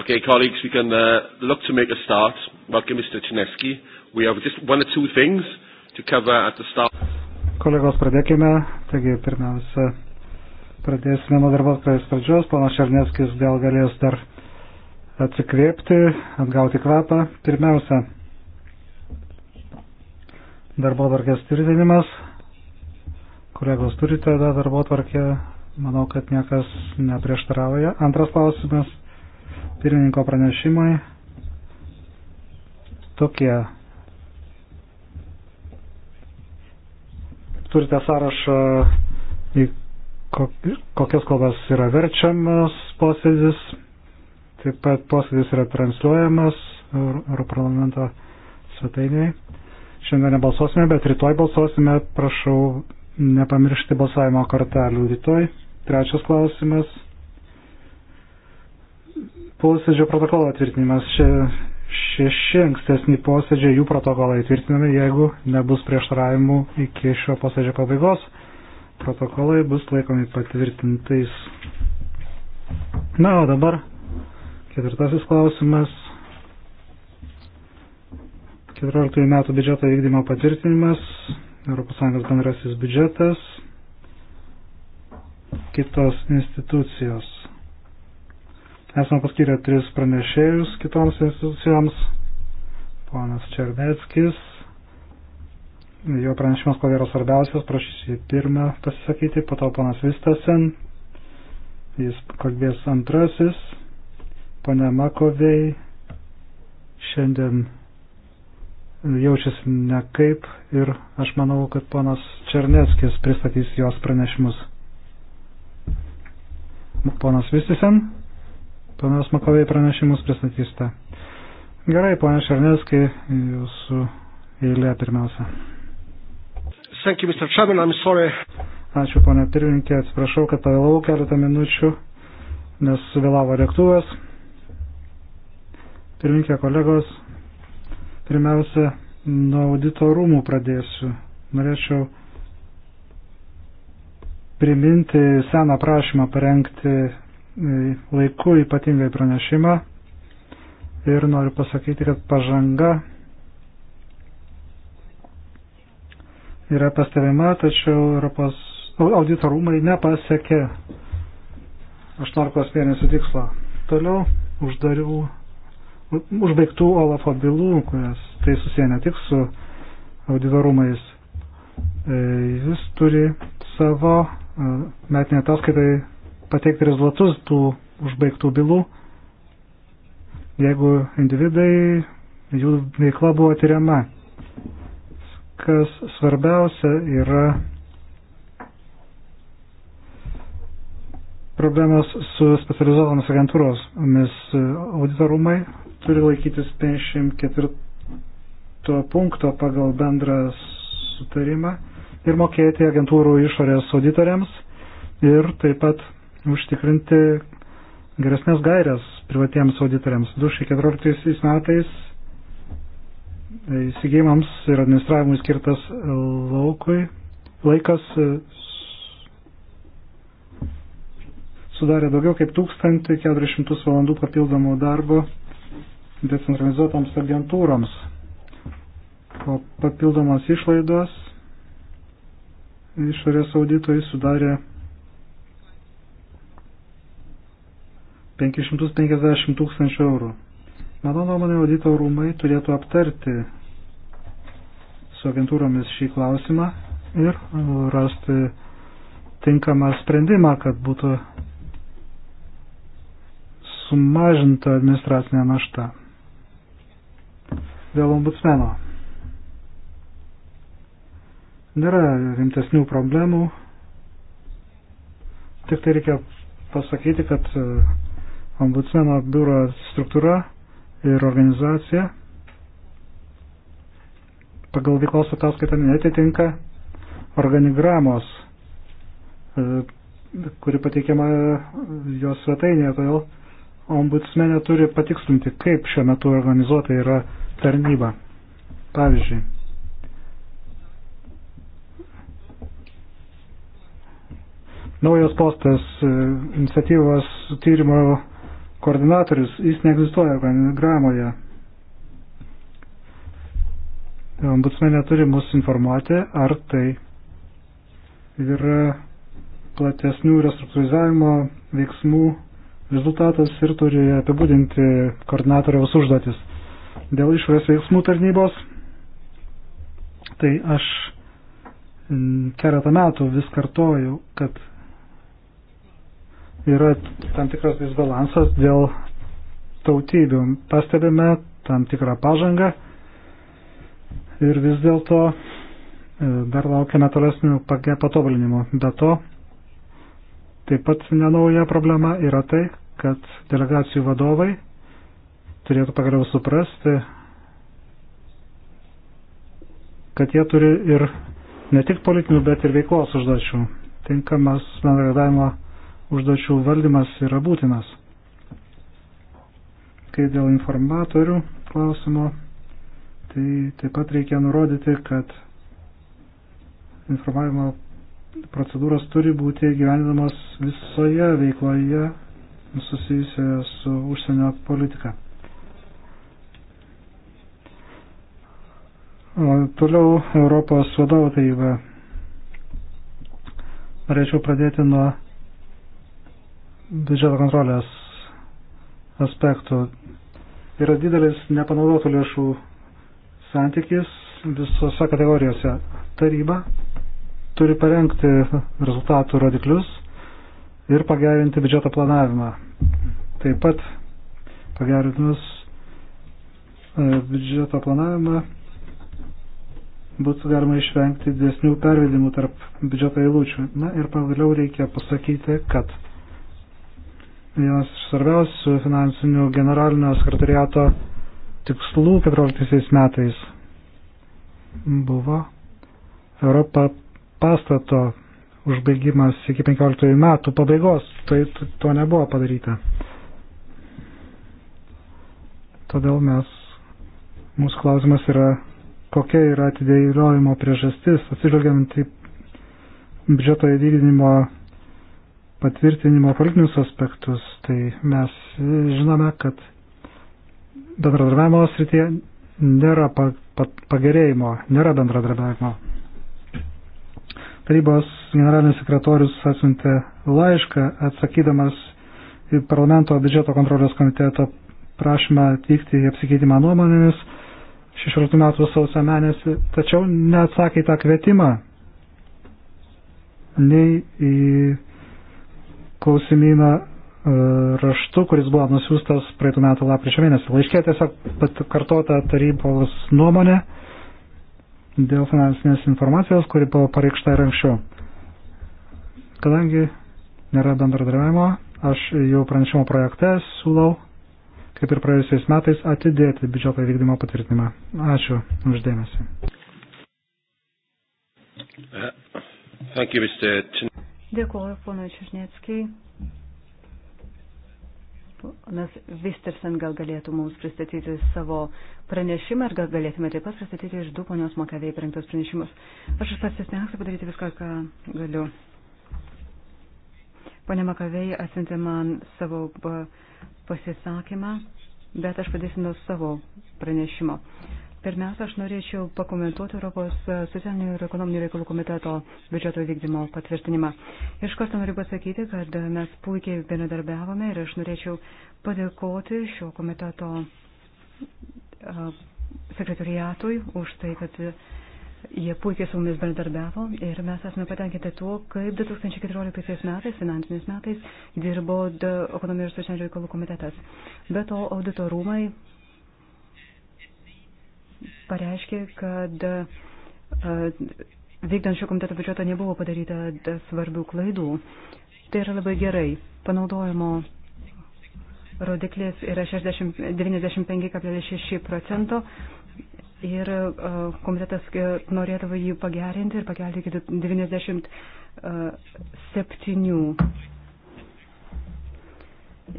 Okay, colleagues, we can uh, look to make a start. Welcome, Mr. Chinesky. We have just one or two things to cover at the start. Kolegos, pradėkime. Taigi, pirmiausia, pradėsime nuo darbo pradžios. Panas Černeskis gal galės dar atsikvėpti, atgauti kvapą. Pirmiausia, darbo tvarkės tvirtinimas. Kolegos, turite darbo tvarkę? Manau, kad niekas neprieštarauja. Antras klausimas pirmininko pranešimai tokie. Turite sąrašą, į kokias kalbas yra verčiamas posėdis. Taip pat posėdis yra transliuojamas Europarlamento svetainiai. Šiandien nebalsuosime, bet rytoj balsuosime. Prašau nepamiršti balsavimo kortelių rytoj. Trečias klausimas. Posėdžio protokolo tvirtinimas. Šeši ankstesni posėdžiai, jų protokolai tvirtinami, jeigu nebus prieštaravimų iki šio posėdžio pabaigos. Protokolai bus laikomi patvirtintais. Na, o dabar ketvirtasis klausimas. 14 metų biudžeto vykdymo patvirtinimas, ES bendrasis biudžetas, kitos institucijos. Esame paskyrę tris pranešėjus kitoms institucijoms. Ponas Červeckis, jo pranešimas ko gero svarbiausias, prašysiu pirmą pasisakyti, po to ponas Vistasen, jis kalbės antrasis, ponia Makovei šiandien jaučiasi nekaip ir aš manau, kad ponas Černeckis pristatys jos pranešimus. Ponas Vistisen. Panas Makovai pranešimus pristatysite. Gerai, ponia Šarneskai, jūsų eilė pirmiausia. Thank you, Mr. Chairman, I'm sorry. Ačiū, ponia pirmininkė, atsiprašau, kad pavėlau keletą minučių, nes vėlavo lėktuvas. Pirmininkė, kolegos, pirmiausia, nuo audito rūmų pradėsiu. Norėčiau priminti seną prašymą parengti laiku ypatingai pranešimą ir noriu pasakyti, kad pažanga yra pastebima, tačiau Europos auditorumai nepasiekė 18 mėnesių tikslo. Toliau uždarių, užbaigtų Olafo bylų, kurias tai susiję ne tik su auditorumais. E, jis turi savo e, metinė ataskaitai pateikti rezultatus tų užbaigtų bylų, jeigu individai, jų veikla buvo tyriama. Kas svarbiausia yra problemas su specializuotomis agentūromis. Auditorumai turi laikytis 54 punkto pagal bendrą sutarimą ir mokėti agentūrų išorės auditoriams ir taip pat užtikrinti geresnės gairias privatiems auditoriams. 2014 metais įsigymams ir administravimui skirtas laukui laikas e, sudarė daugiau kaip 1400 valandų papildomų darbo decentralizuotoms agentūroms. O papildomas išlaidos išorės auditojai sudarė 550 tūkstančių eurų. Mano nuomonė, audito rūmai turėtų aptarti su agentūromis šį klausimą ir rasti tinkamą sprendimą, kad būtų sumažinta administracinė našta. Dėl ombudsmeno. Nėra rimtesnių problemų. Tik tai reikia pasakyti, kad ombudsmeno biuro struktūra ir organizacija pagal veiklos ataskaitą netitinka organigramos, e, kuri pateikiama jos svetainėje, todėl ombudsmenė turi patikslinti, kaip šiuo metu organizuota yra tarnyba. Pavyzdžiui, naujas postas e, iniciatyvos tyrimo koordinatorius, jis neegzistuoja organigramoje. Ombudsmenė turi mus informuoti, ar tai yra platesnių restruktūrizavimo veiksmų rezultatas ir turi apibūdinti koordinatoriaus užduotis. Dėl išorės veiksmų tarnybos, tai aš keletą metų vis kartoju, kad yra tam tikras disbalansas dėl tautybių. Pastebime tam tikrą pažangą ir vis dėlto e, dar laukiame tolesnių patobulinimų. Be to, taip pat nenauja problema yra tai, kad delegacijų vadovai turėtų pagaliau suprasti, kad jie turi ir ne tik politinių, bet ir veiklos užduočių. Tinkamas bendradavimo užduočių valdymas yra būtinas. Kai dėl informatorių klausimo, tai taip pat reikia nurodyti, kad informavimo procedūros turi būti gyvenamos visoje veikloje susijusioje su užsienio politika. O toliau Europos vadovų taryba. Norėčiau pradėti nuo biudžeto kontrolės aspektų. Yra didelis nepanaudotų lėšų santykis visose kategorijose. Taryba turi parengti rezultatų rodiklius ir pagerinti biudžeto planavimą. Taip pat pagerinus e, biudžeto planavimą būtų galima išvengti didesnių pervedimų tarp biudžeto eilučių. Na ir pagaliau reikia pasakyti, kad vienas iš svarbiausių finansinių generalinio sekretariato tikslų 14 metais buvo Europa pastato užbaigimas iki 15 metų pabaigos. Tai to nebuvo padaryta. Todėl mes, mūsų klausimas yra, kokia yra atidėjimo priežastis, atsižvelgiant į biudžeto įvykdymo patvirtinimo politinius aspektus, tai mes žinome, kad bendradarbiavimo srityje nėra pa, pa, pagerėjimo, nėra bendradarbiavimo. Tarybos generalinis sekretorius atsiuntė laišką atsakydamas į parlamento biudžeto kontrolės komiteto prašymą atvykti į apsikeitimą nuomonėmis 16 metų sausio mėnesį, tačiau neatsakė į tą kvietimą nei į klausimyną e, raštu, kuris buvo nusiųstas praeitų metų lapkričio mėnesį. Laiškė tiesiog patkartota tarybos nuomonė dėl finansinės informacijos, kuri buvo pareikšta ir anksčiau. Kadangi nėra bendradarbiavimo, aš jau pranešimo projekte siūlau, kaip ir praėjusiais metais, atidėti biudžeto vykdymo patvirtinimą. Ačiū uždėmesi. Thank you, Mr. Dėkuoju, ponui Čižneckiai. Ponas Vistersen gal galėtų mums pristatyti savo pranešimą ir gal galėtume taip pat pristatyti iš du ponios Makavėjai parengtos pranešimus. Aš pasistengsiu padaryti viską, ką galiu. Pone Makavėjai atsintė man savo e, pasisakymą, bet aš padėsiu nuo savo pranešimo. Pirmiausia, aš norėčiau pakomentuoti Europos socialinių ir ekonominių reikalų komiteto biudžeto vykdymo patvirtinimą. Iš karto noriu pasakyti, kad mes puikiai bendradarbiavome ir aš norėčiau padėkoti šio komiteto sekretariatui už tai, kad jie puikiai su mumis bendradarbiavo ir mes esame patenkinti tuo, kaip 2014 metais, finansiniais metais, dirbo ekonominių ir socialinių reikalų komitetas. Be to, auditorumai pareiškė, kad vykdant šio komiteto biudžeto nebuvo padaryta svarbių klaidų. Tai yra labai gerai. Panaudojimo rodiklis yra 95,6 procento ir komitetas e, norėtų jį pagerinti ir pakelti iki 97.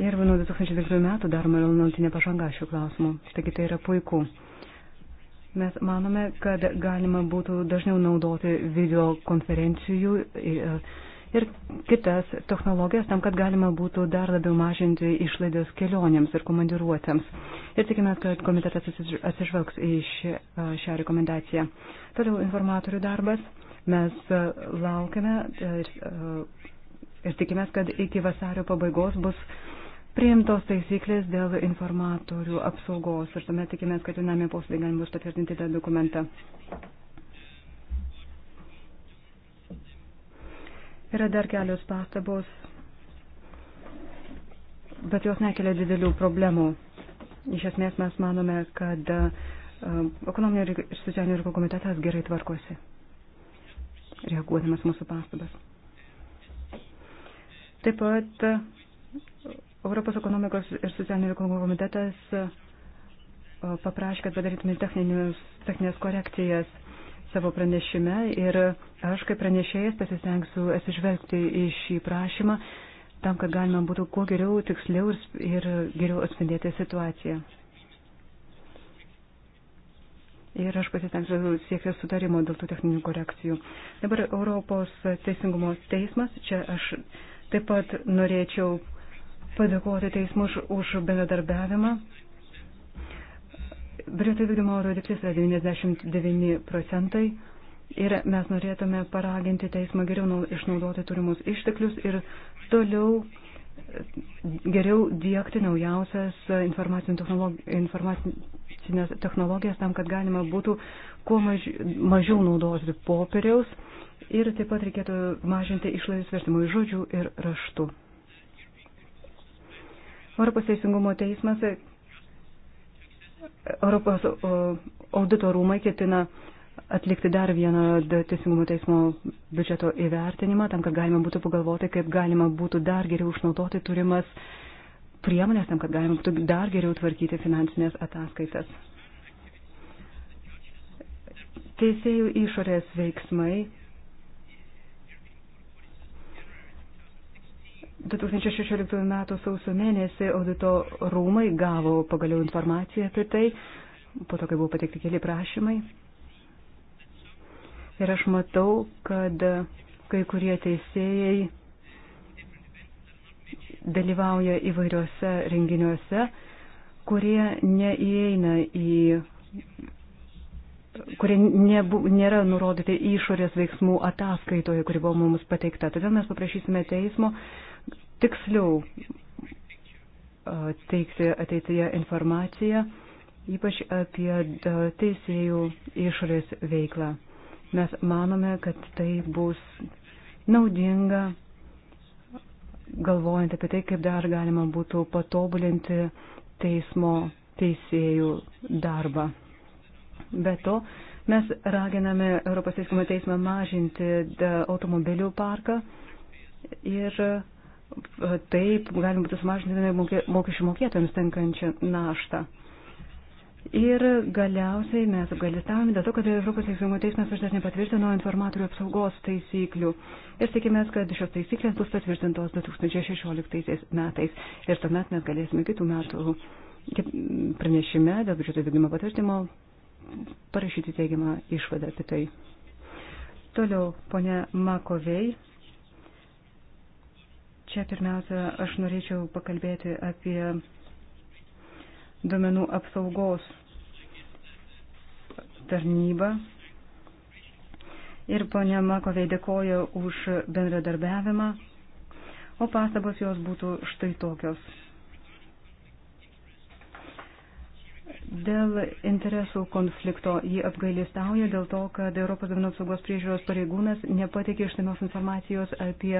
Ir nuo 2012 metų daroma nuolatinė pažanga šiuo klausimu. Taigi tai yra puiku. Mes manome, kad galima būtų dažniau naudoti videokonferencijų ir kitas technologijas tam, kad galima būtų dar labiau mažinti išlaidas kelionėms ir komandiruotėms. Ir tikime, kad komitetas atsižvelgs į šią, šią rekomendaciją. Toliau informatorių darbas. Mes laukiame ir, ir tikime, kad iki vasario pabaigos bus priimtos taisyklės dėl informatorių apsaugos ir tuomet tikimės, kad viename posėdį galima bus patvirtinti tą dokumentą. Yra dar kelios pastabos, bet jos nekelia didelių problemų. Iš esmės mes manome, kad e, ekonominio ir socialinio reikalų komitetas gerai tvarkosi, reaguodamas mūsų pastabas. Taip pat Europos ekonomikos ir socialinių reikalų komitetas e, paprašė, kad padarytume techninės korekcijas savo pranešime ir aš kaip pranešėjas pasistengsiu atsižvelgti į šį prašymą tam, kad galima būtų kuo geriau, tiksliau ir geriau atspindėti situaciją. Ir aš pasistengsiu siekti sutarimo dėl tų techninių korekcijų. Dabar Europos teisingumo teismas, čia aš taip pat norėčiau uh, padėkoti teismui už, už bendradarbiavimą. Britų vykdymo rodiklis yra 99 procentai ir mes norėtume paraginti teismą geriau išnaudoti turimus išteklius ir toliau geriau dėkti naujausias informacinės technologijas tam, kad galima būtų kuo maž, mažiau naudoti popieriaus ir taip pat reikėtų mažinti išlaidus vertimui žodžių ir raštų. Europos teisingumo teismas, Europos audito rūmai ketina atlikti dar vieną teisingumo teismo biudžeto įvertinimą, tam, kad galima būtų pagalvoti, kaip galima būtų dar geriau išnaudoti turimas priemonės, tam, kad galima būtų dar geriau tvarkyti finansinės ataskaitas. Teisėjų išorės veiksmai 2016 m. sausio mėnesį audito rūmai gavo pagaliau informaciją apie tai, po to, kai buvo pateikti keli prašymai. Ir aš matau, kad kai kurie teisėjai dalyvauja įvairiuose renginiuose, kurie neįeina į kurie nebu, nėra nurodyti išorės veiksmų ataskaitoje, kuri buvo mums pateikta. Todėl mes paprašysime teismo uh, tiksliau teikti ateityje informaciją, ypač apie teisėjų išorės veiklą. Mes manome, kad tai bus naudinga, galvojant apie tai, kaip dar galima būtų patobulinti teismo teisėjų darbą. Be to, mes raginame Europos teismo teismą mažinti automobilių parką ir uh, taip galima būtų sumažinti mokesčių mokėtojams tenkančią naštą. Ir galiausiai mes apgalistavome dėl to, kad Europos teisingumo teismas vis dar nepatvirtino informatorių apsaugos taisyklių. Ir tikimės, kad šios taisyklės bus patvirtintos 2016 metais. Ir tuomet mes galėsime kitų metų pranešime dėl biudžeto vykdymo patvirtimo parašyti teigiamą išvadą apie tai. Toliau, ponia Makovei Čia pirmiausia, aš norėčiau pakalbėti apie duomenų apsaugos tarnybą. Ir ponia Makovė dėkoja už bendradarbiavimą, o pastabos jos būtų štai tokios. Dėl interesų konflikto jį apgailistauja dėl to, kad Europos duomenų apsaugos priežiūros pareigūnas nepateikė išsamios informacijos apie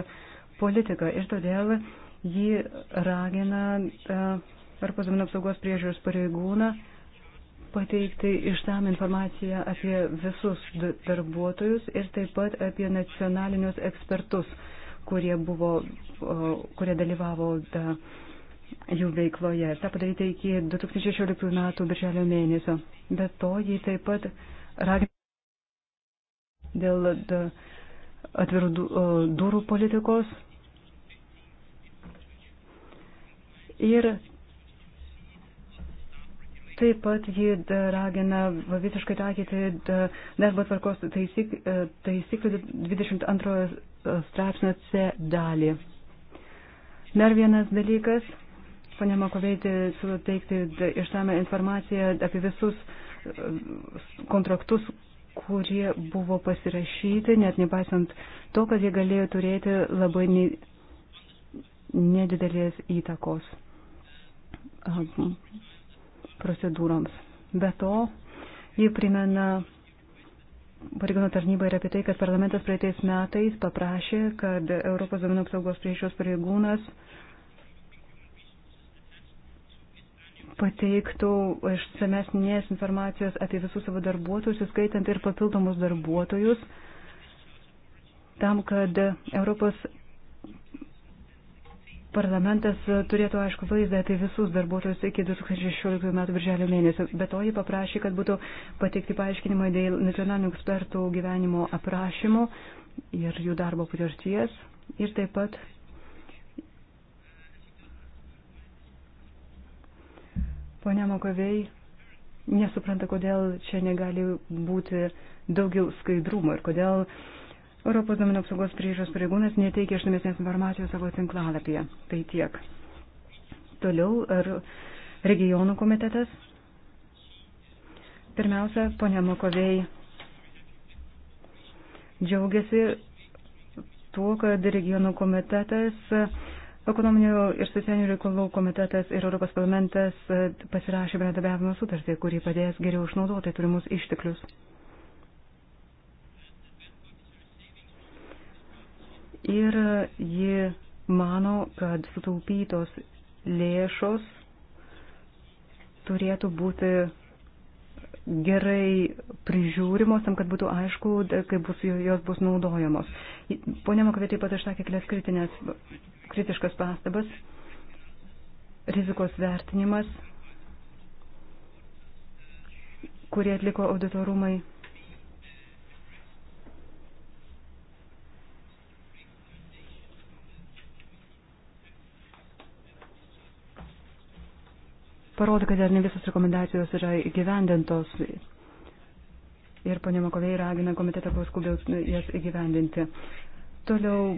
politiką ir todėl jį ragina e, Europos duomenų apsaugos priežiūros pareigūną pateikti išsam informaciją apie visus darbuotojus ir taip pat apie nacionalinius ekspertus, kurie, buvo, kurie dalyvavo da, jų veikloje. Ta padaryti iki 2016 metų birželio mėnesio. Be to, jį taip pat ragina dėl da, atvirų durų politikos Ir taip pat ji ragina visiškai taikyti darbo tvarkos e, taisyklių 22 e, straipsnio C dalį. Dar vienas dalykas, ponia Makoveitė, suteikti išsame informaciją apie visus e, kontraktus, kurie buvo pasirašyti, net nepaisant to, kad jie galėjo turėti labai nedidelės įtakos procedūroms. Be to, jį primena pareigūnų tarnyba ir apie tai, kad parlamentas praeitais metais paprašė, kad Europos duomenų apsaugos priešios pareigūnas pateiktų išsamesnės informacijos apie visus savo darbuotojus, įskaitant ir papildomus darbuotojus, tam, kad Europos Parlamentas turėtų aišku vaizdą apie visus darbuotojus iki 2016 m. birželio mėnesio, bet to jį paprašė, kad būtų pateikti paaiškinimai dėl nacionalinių ekspertų gyvenimo aprašymų ir jų darbo patirties ir taip pat Pone Mokovei nesupranta, kodėl čia negali būti daugiau skaidrumo ir kodėl uh, Europos duomenų apsaugos priežos pareigūnas neteikia išsamesnės informacijos savo tinklalapyje. Tai tiek. Toliau, ar regionų komitetas? Pirmiausia, ponia Mokovei džiaugiasi tuo, kad regionų komitetas, ekonominio ir socialinių reikalų komitetas ir Europos parlamentas pasirašė bendradarbiavimo sutartį, kuri padės geriau išnaudoti turimus išteklius. ir ji mano, kad sutaupytos lėšos turėtų būti gerai prižiūrimos, tam, kad būtų aišku, kaip bus, jos bus naudojamos. Pone Makavė taip pat išsakė kelias kritiškas pastabas, rizikos vertinimas, kurį atliko auditorumai. parodo, kad dar ne visos rekomendacijos yra įgyvendintos. Ir ponė Makovei ragina komitetą paskubiau jas įgyvendinti. Toliau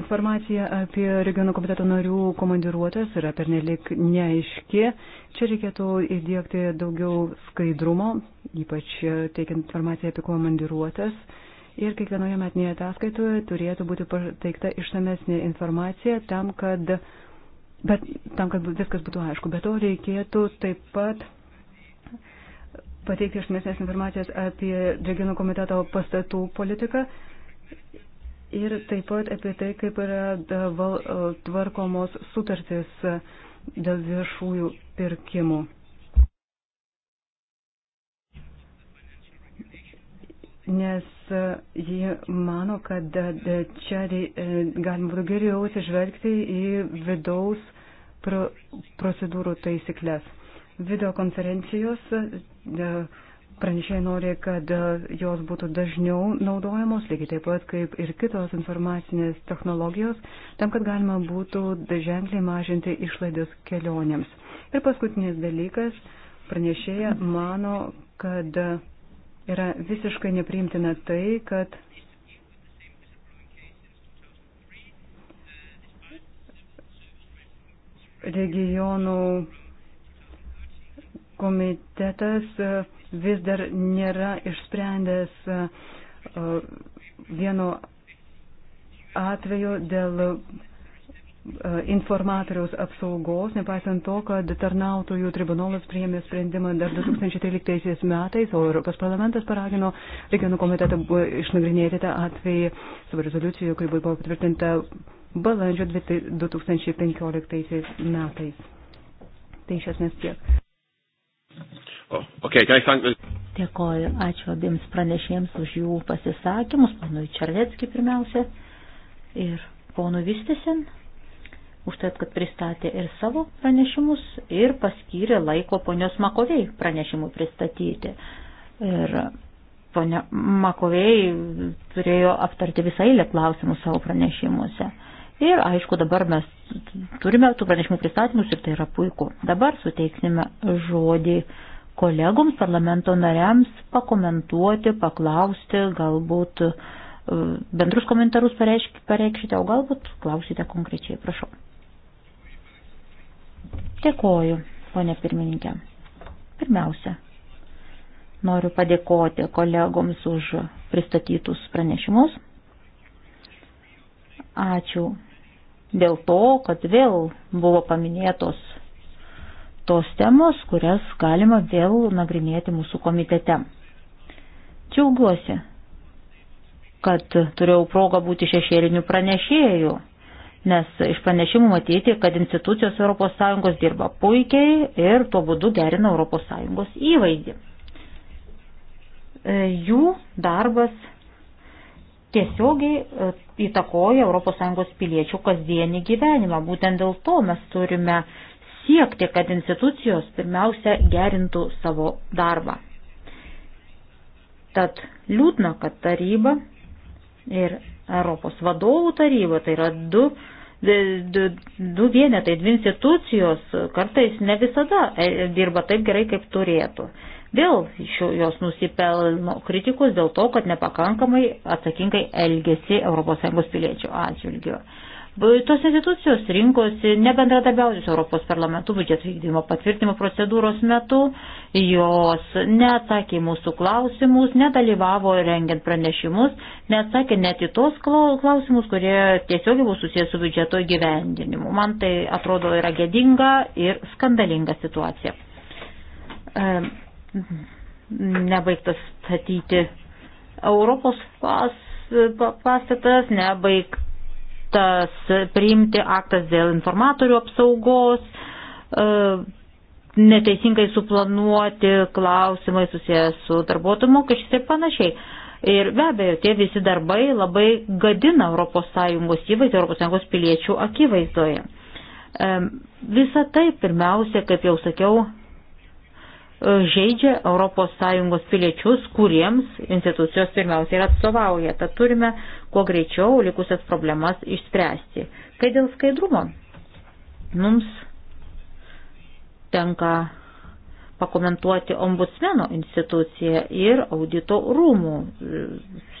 informacija apie regionų komiteto narių komandiruotės yra pernelik neaiški. Čia reikėtų įdėkti daugiau skaidrumo, ypač teikiant informaciją apie komandiruotės. Ir kiekvienoje metinėje ataskaitoje turėtų būti pateikta išsamesnė informacija tam, kad Bet tam, kad viskas būtų aišku, bet to reikėtų taip pat pateikti išmesnės informacijos apie regionų komiteto pastatų politiką ir taip pat apie tai, kaip yra val, e, tvarkomos sutartis dėl viešųjų pirkimų. Nes ji mano, kad e, čia e, galima būtų geriau atsižvelgti į vidaus pro, procedūrų taisyklės. Videokonferencijos e, pranešėjai nori, kad jos būtų dažniau naudojamos, lygiai taip pat kaip ir kitos informacinės technologijos, tam, kad galima būtų ženkliai mažinti išlaidas kelionėms. Ir paskutinis dalykas, pranešėja mano, kad Yra visiškai nepriimtina tai, kad regionų komitetas vis dar nėra išsprendęs uh, vieno atveju dėl E, informatoriaus apsaugos, nepaisant to, kad tarnautojų tribunolas priėmė sprendimą dar 2013 metais, o Europos parlamentas paragino regionų komitetą išnagrinėti tą atvejį savo rezoliucijų, kai buvo patvirtinta balandžio 2015 metais. Tai iš esmės tiek. Oh, okay, Dėkoju, ačiū abiems pranešėjams už jų pasisakymus, panui Čarlecki pirmiausia ir ponui Vistisen už tai, kad pristatė ir savo pranešimus ir paskyrė laiko ponios Makovei pranešimų pristatyti. Ir ponia Makovei turėjo aptarti visą eilę klausimų savo pranešimuose. Ir aišku, dabar mes turime tų pranešimų pristatymus ir tai yra puiku. Dabar suteiksime žodį kolegoms, parlamento nariams pakomentuoti, paklausti, galbūt e, bendrus komentarus pareikšite, o galbūt klausite konkrečiai, prašau. Dėkoju, ponė pirmininkė. Pirmiausia, noriu padėkoti kolegoms už pristatytus pranešimus. Ačiū dėl to, kad vėl buvo paminėtos tos temos, kurias galima vėl nagrinėti mūsų komitete. Džiaugiuosi, kad turėjau progą būti šešėliniu pranešėju nes iš pranešimų matyti, kad institucijos ES dirba puikiai ir tuo būdu gerina ES įvaizdį. E, jų darbas tiesiogiai e, įtakoja ES piliečių kasdienį gyvenimą. Būtent dėl to mes turime siekti, kad institucijos pirmiausia gerintų savo darbą. Tad liūdna, kad taryba ir Europos vadovų taryba, tai yra du, du, du vienetai, dvi institucijos kartais ne visada e, dirba taip gerai, kaip turėtų. Vėl šio, jos nusipelno kritikus dėl to, kad nepakankamai atsakingai elgesi ES piliečių atžvilgiu. Tos institucijos rinkosi nebendradarbiauti su Europos parlamentu biudžeto vykdymo patvirtimo procedūros metu, jos neatsakė mūsų klausimus, nedalyvavo rengiant pranešimus, neatsakė net į tos klausimus, kurie tiesiog buvo susijęs su biudžeto gyvendinimu. Man tai atrodo yra gėdinga ir skandalinga situacija. Nebaigtas statyti Europos pas, pastatas, nebaigtas numatytas priimti aktas dėl informatorių apsaugos, e, neteisingai suplanuoti klausimai susijęs su darbuotojų mokesčiais ir panašiai. Ir be abejo, tie visi darbai labai gadina ES įvaizdį, ES piliečių akivaizdoje. E, visa tai pirmiausia, kaip jau sakiau, e, žaidžia ES piliečius, kuriems institucijos pirmiausia ir atstovauja. Tad turime kuo greičiau likusias problemas išspręsti. Kai dėl skaidrumo mums tenka pakomentuoti ombudsmeno instituciją ir audito rūmų e,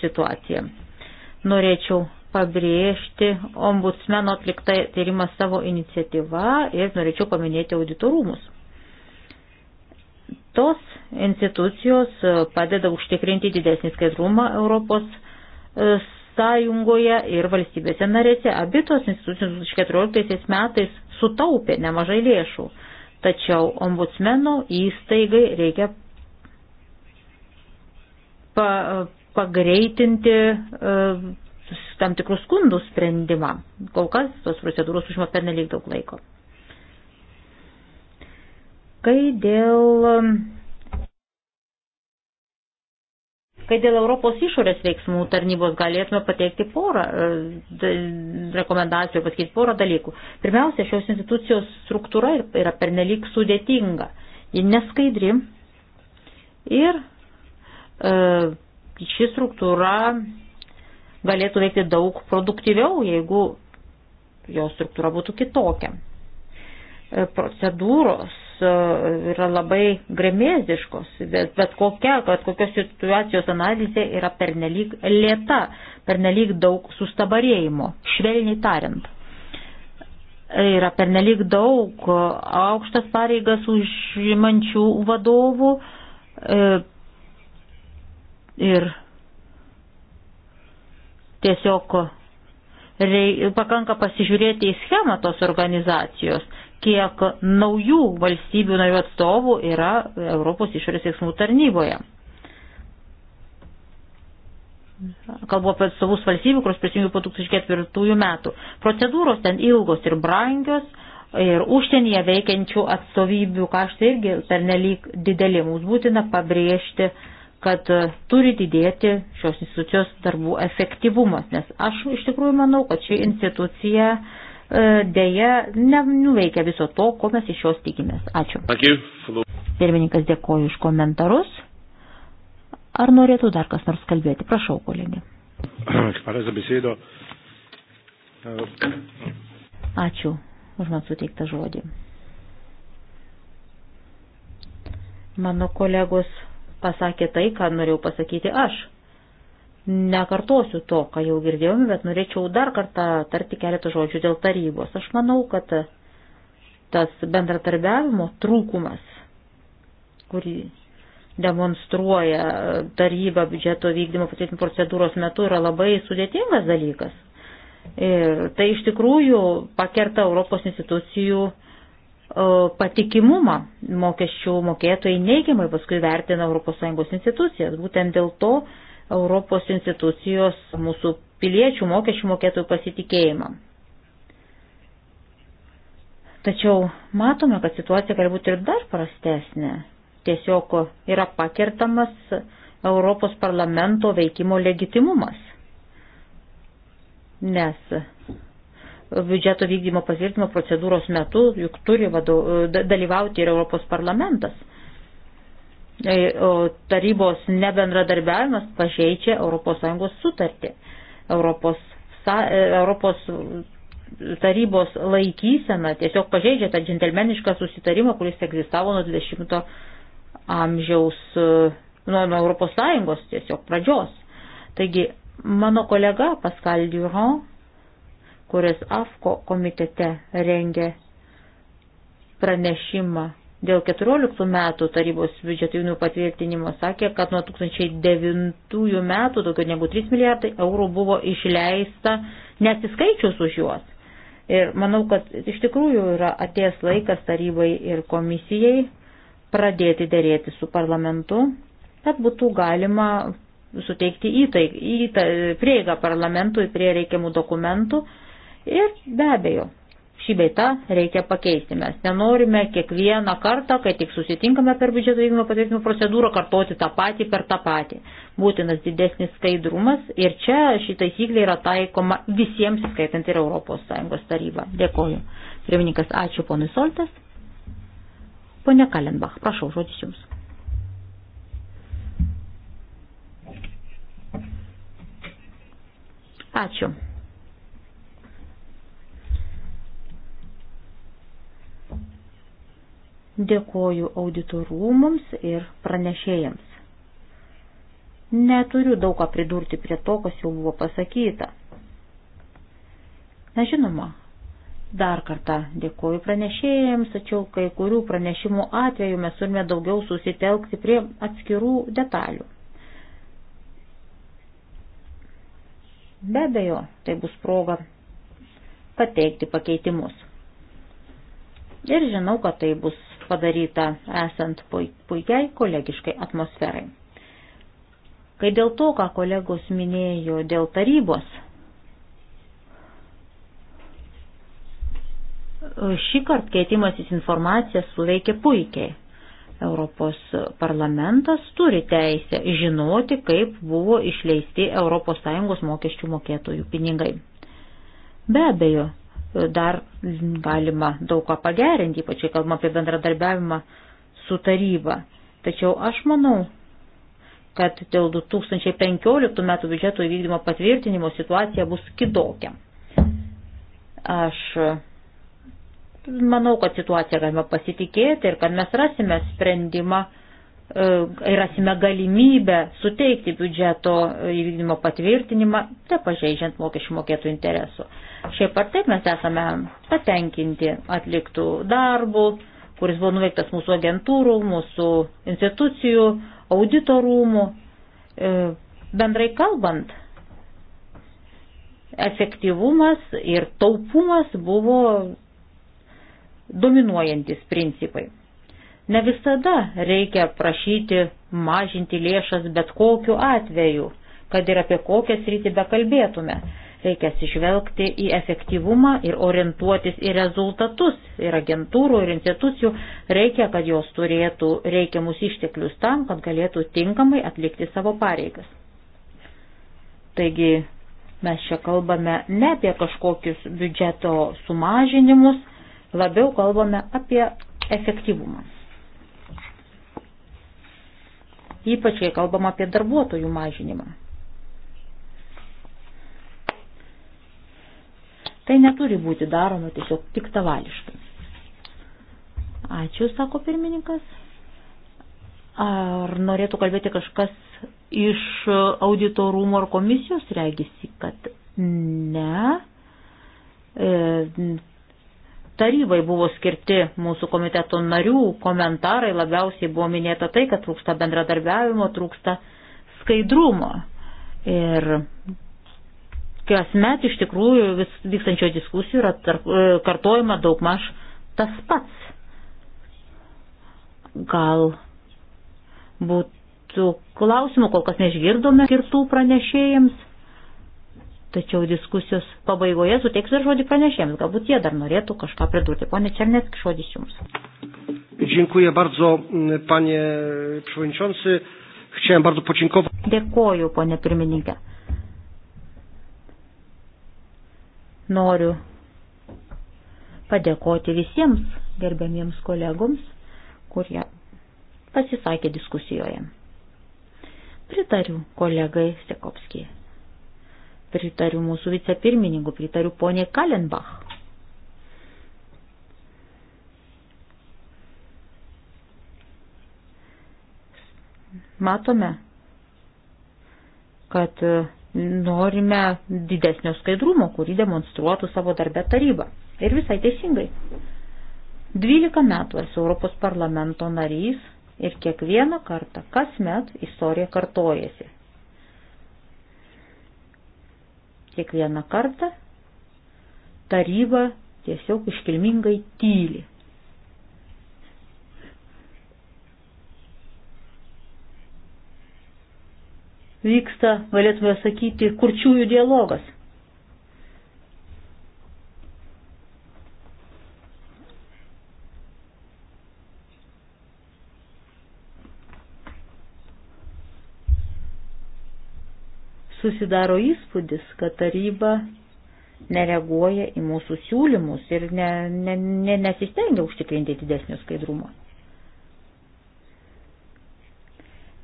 situaciją. Norėčiau pabrėžti ombudsmeno atliktą tyrimą savo iniciatyvą ir norėčiau paminėti audito rūmus. Tos institucijos padeda užtikrinti didesnį skaidrumą Europos e, sąjungoje ir valstybėse narėse. Abitos institucijos 14 metais sutaupė nemažai lėšų, tačiau ombudsmeno įstaigai reikia pa, pagreitinti e, tam tikrų skundų sprendimą. Kol kas tos procedūros užima pernelyg daug laiko. Kai dėl Kai dėl Europos išorės veiksmų tarnybos galėtume pateikti porą e, rekomendacijų, pasakyti porą dalykų. Pirmiausia, šios institucijos struktūra yra pernelyg sudėtinga, ji neskaidri ir e, ši struktūra galėtų veikti daug produktyviau, jeigu jos struktūra būtų kitokia. E, procedūros yra labai gremėziškos, bet, bet kokia, kad kokios situacijos analizė yra pernelyg lėta, pernelyg daug sustabarėjimo, švelniai tariant. Yra pernelyg daug aukštas pareigas užimančių vadovų e, ir tiesiog rei, pakanka pasižiūrėti į schemą tos organizacijos kiek naujų valstybių narių atstovų yra Europos išorės veiksmų tarnyboje. Kalbu apie atstovus valstybių, kurios prisijungė po 2004 metų. Procedūros ten ilgos ir brangios, ir užsienyje veikiančių atstovybių kaštai irgi pernelyg dideli. Mums būtina pabrėžti, kad turi didėti šios institucijos darbų efektyvumas, nes aš iš tikrųjų manau, kad ši institucija uh, E, dėja nenuveikia viso to, ko mes iš jos tikimės. Ačiū. Pirmininkas dėkoju už komentarus. Ar norėtų dar kas nors kalbėti? Prašau, kolegė. Ačiū už man suteiktą žodį. Mano kolegos pasakė tai, ką norėjau pasakyti aš. Nekartosiu to, ką jau girdėjome, bet norėčiau dar kartą tarti keletą žodžių dėl tarybos. Aš manau, kad tas bendratarbiavimo trūkumas, kurį demonstruoja taryba biudžeto vykdymo patvirtinimo procedūros metu, yra labai sudėtingas dalykas. Ir tai iš tikrųjų pakerta Europos institucijų e, patikimumą. Mokesčių mokėtojai neigiamai paskui vertina ES institucijas. Būtent dėl to Europos institucijos mūsų piliečių mokesčių mokėtojų pasitikėjimą. Tačiau matome, kad situacija gali būti ir dar prastesnė. Tiesiog yra pakirtamas Europos parlamento veikimo legitimumas. Nes biudžeto vykdymo patvirtinimo procedūros metu juk turi vado, dalyvauti ir Europos parlamentas. E, tarybos nebendradarbiavimas pažeidžia ES sutartį. Europos, e, Europos tarybos laikysena tiesiog pažeidžia tą džentelmenišką susitarimą, kuris egzistavo nuo 20 amžiaus, e, nuo, nuo Europos Sąjungos tiesiog pradžios. Taigi, mano kolega Pascal Durand, kuris AFKO komitete rengė pranešimą dėl 14 metų tarybos biudžeto jaunų patvirtinimo sakė, kad nuo 2009 metų daugiau negu 3 milijardai eurų buvo išleista nesiskaičius už juos. Ir manau, kad iš tikrųjų yra atėjęs laikas tarybai ir komisijai pradėti dėrėti su parlamentu, kad būtų galima suteikti įtaig, įta, prieigą parlamentui prie reikiamų dokumentų ir be abejo šį beitą reikia pakeisti. Mes nenorime kiekvieną kartą, kai tik susitinkame per biudžeto vykdymo patvirtinimo procedūrą, kartoti tą patį per tą patį. Būtinas didesnis skaidrumas ir čia šį taisyklį yra taikoma visiems, skaitant ir ES tarybą. Dėkoju. Pirmininkas, ačiū ponui Soltas. Pone Kalenbach, prašau, žodis jums. Ačiū. Dėkoju auditorumams ir pranešėjams. Neturiu daug ką pridurti prie to, kas jau buvo pasakyta. Na žinoma, dar kartą dėkoju pranešėjams, tačiau kai kurių pranešimų atveju mes turime daugiau susitelkti prie atskirų detalių. Be abejo, tai bus proga pateikti pakeitimus. Ir žinau, kad tai bus padaryta esant puikiai kolegiškai atmosferai. Kai dėl to, ką kolegos minėjo dėl tarybos, šį kartą keitimasis informacija suveikė puikiai. Europos parlamentas turi teisę žinoti, kaip buvo išleisti ES mokesčių mokėtojų pinigai. Be abejo, dar galima daug ką pagerinti, ypač kai kalbam apie bendradarbiavimą su taryba. Tačiau aš manau, kad dėl 2015 metų biudžeto įvykdymo patvirtinimo situacija bus kitokia. Aš manau, kad situaciją galima pasitikėti ir kad mes rasime sprendimą E, rasime galimybę suteikti biudžeto įvykdymo patvirtinimą, te pažeidžiant mokesčių mokėtų interesų. Šiaip ar taip mes esame patenkinti atliktų darbų, kuris buvo nuveiktas mūsų agentūrų, mūsų institucijų, auditorumų. E, bendrai kalbant, efektyvumas ir taupumas buvo dominuojantis principai. Ne visada reikia prašyti mažinti lėšas bet kokiu atveju, kad ir apie kokią sritį bekalbėtume. Reikia atsižvelgti į efektyvumą ir orientuotis į rezultatus ir agentūrų ir institucijų. Reikia, kad jos turėtų reikiamus išteklius tam, kad galėtų tinkamai atlikti savo pareigas. Taigi mes čia kalbame ne apie kažkokius biudžeto sumažinimus, labiau kalbame apie efektyvumą. ypač kai kalbam apie darbuotojų mažinimą. Tai neturi būti daroma tiesiog piktavališkai. Ačiū, sako pirmininkas. Ar norėtų kalbėti kažkas iš audito rūmų ar komisijos, regisi, kad ne. E, tarybai buvo skirti mūsų komiteto narių komentarai, labiausiai buvo minėta tai, kad trūksta bendradarbiavimo, trūksta skaidrumo. Ir kasmet iš tikrųjų vis vykstančio diskusijų yra tarp, e, kartojama daugmaž tas pats. Gal būtų klausimų, kol kas neišgirdome skirtų pranešėjams. Tačiau diskusijos pabaigoje suteiksiu žodį pranešėjams. Galbūt jie dar norėtų kažką pridurti. Pone Černet, žodis jums. Dziękuję bardzo, panie przewodniczący. Chciałem bardzo podziękować. Dėkoju, ponė pirmininkė. Noriu padėkoti visiems gerbiamiems kolegoms, kurie pasisakė diskusijoje. Pritariu kolegai Sekovskijai. Pritariu mūsų vicepirmininku, pritariu poniai Kalenbach. Matome, kad norime didesnio skaidrumo, kurį demonstruotų savo darbę taryba. Ir visai teisingai. 12 metų esu Europos parlamento narys ir kiekvieną kartą kasmet istorija kartojasi. Kiekvieną kartą taryba tiesiog iškilmingai tyli. Vyksta, galėtume sakyti, kurčiųjų dialogas. susidaro įspūdis, kad taryba nereaguoja į mūsų siūlymus ir ne, ne, ne, nesistengia užtikrinti didesnio skaidrumo.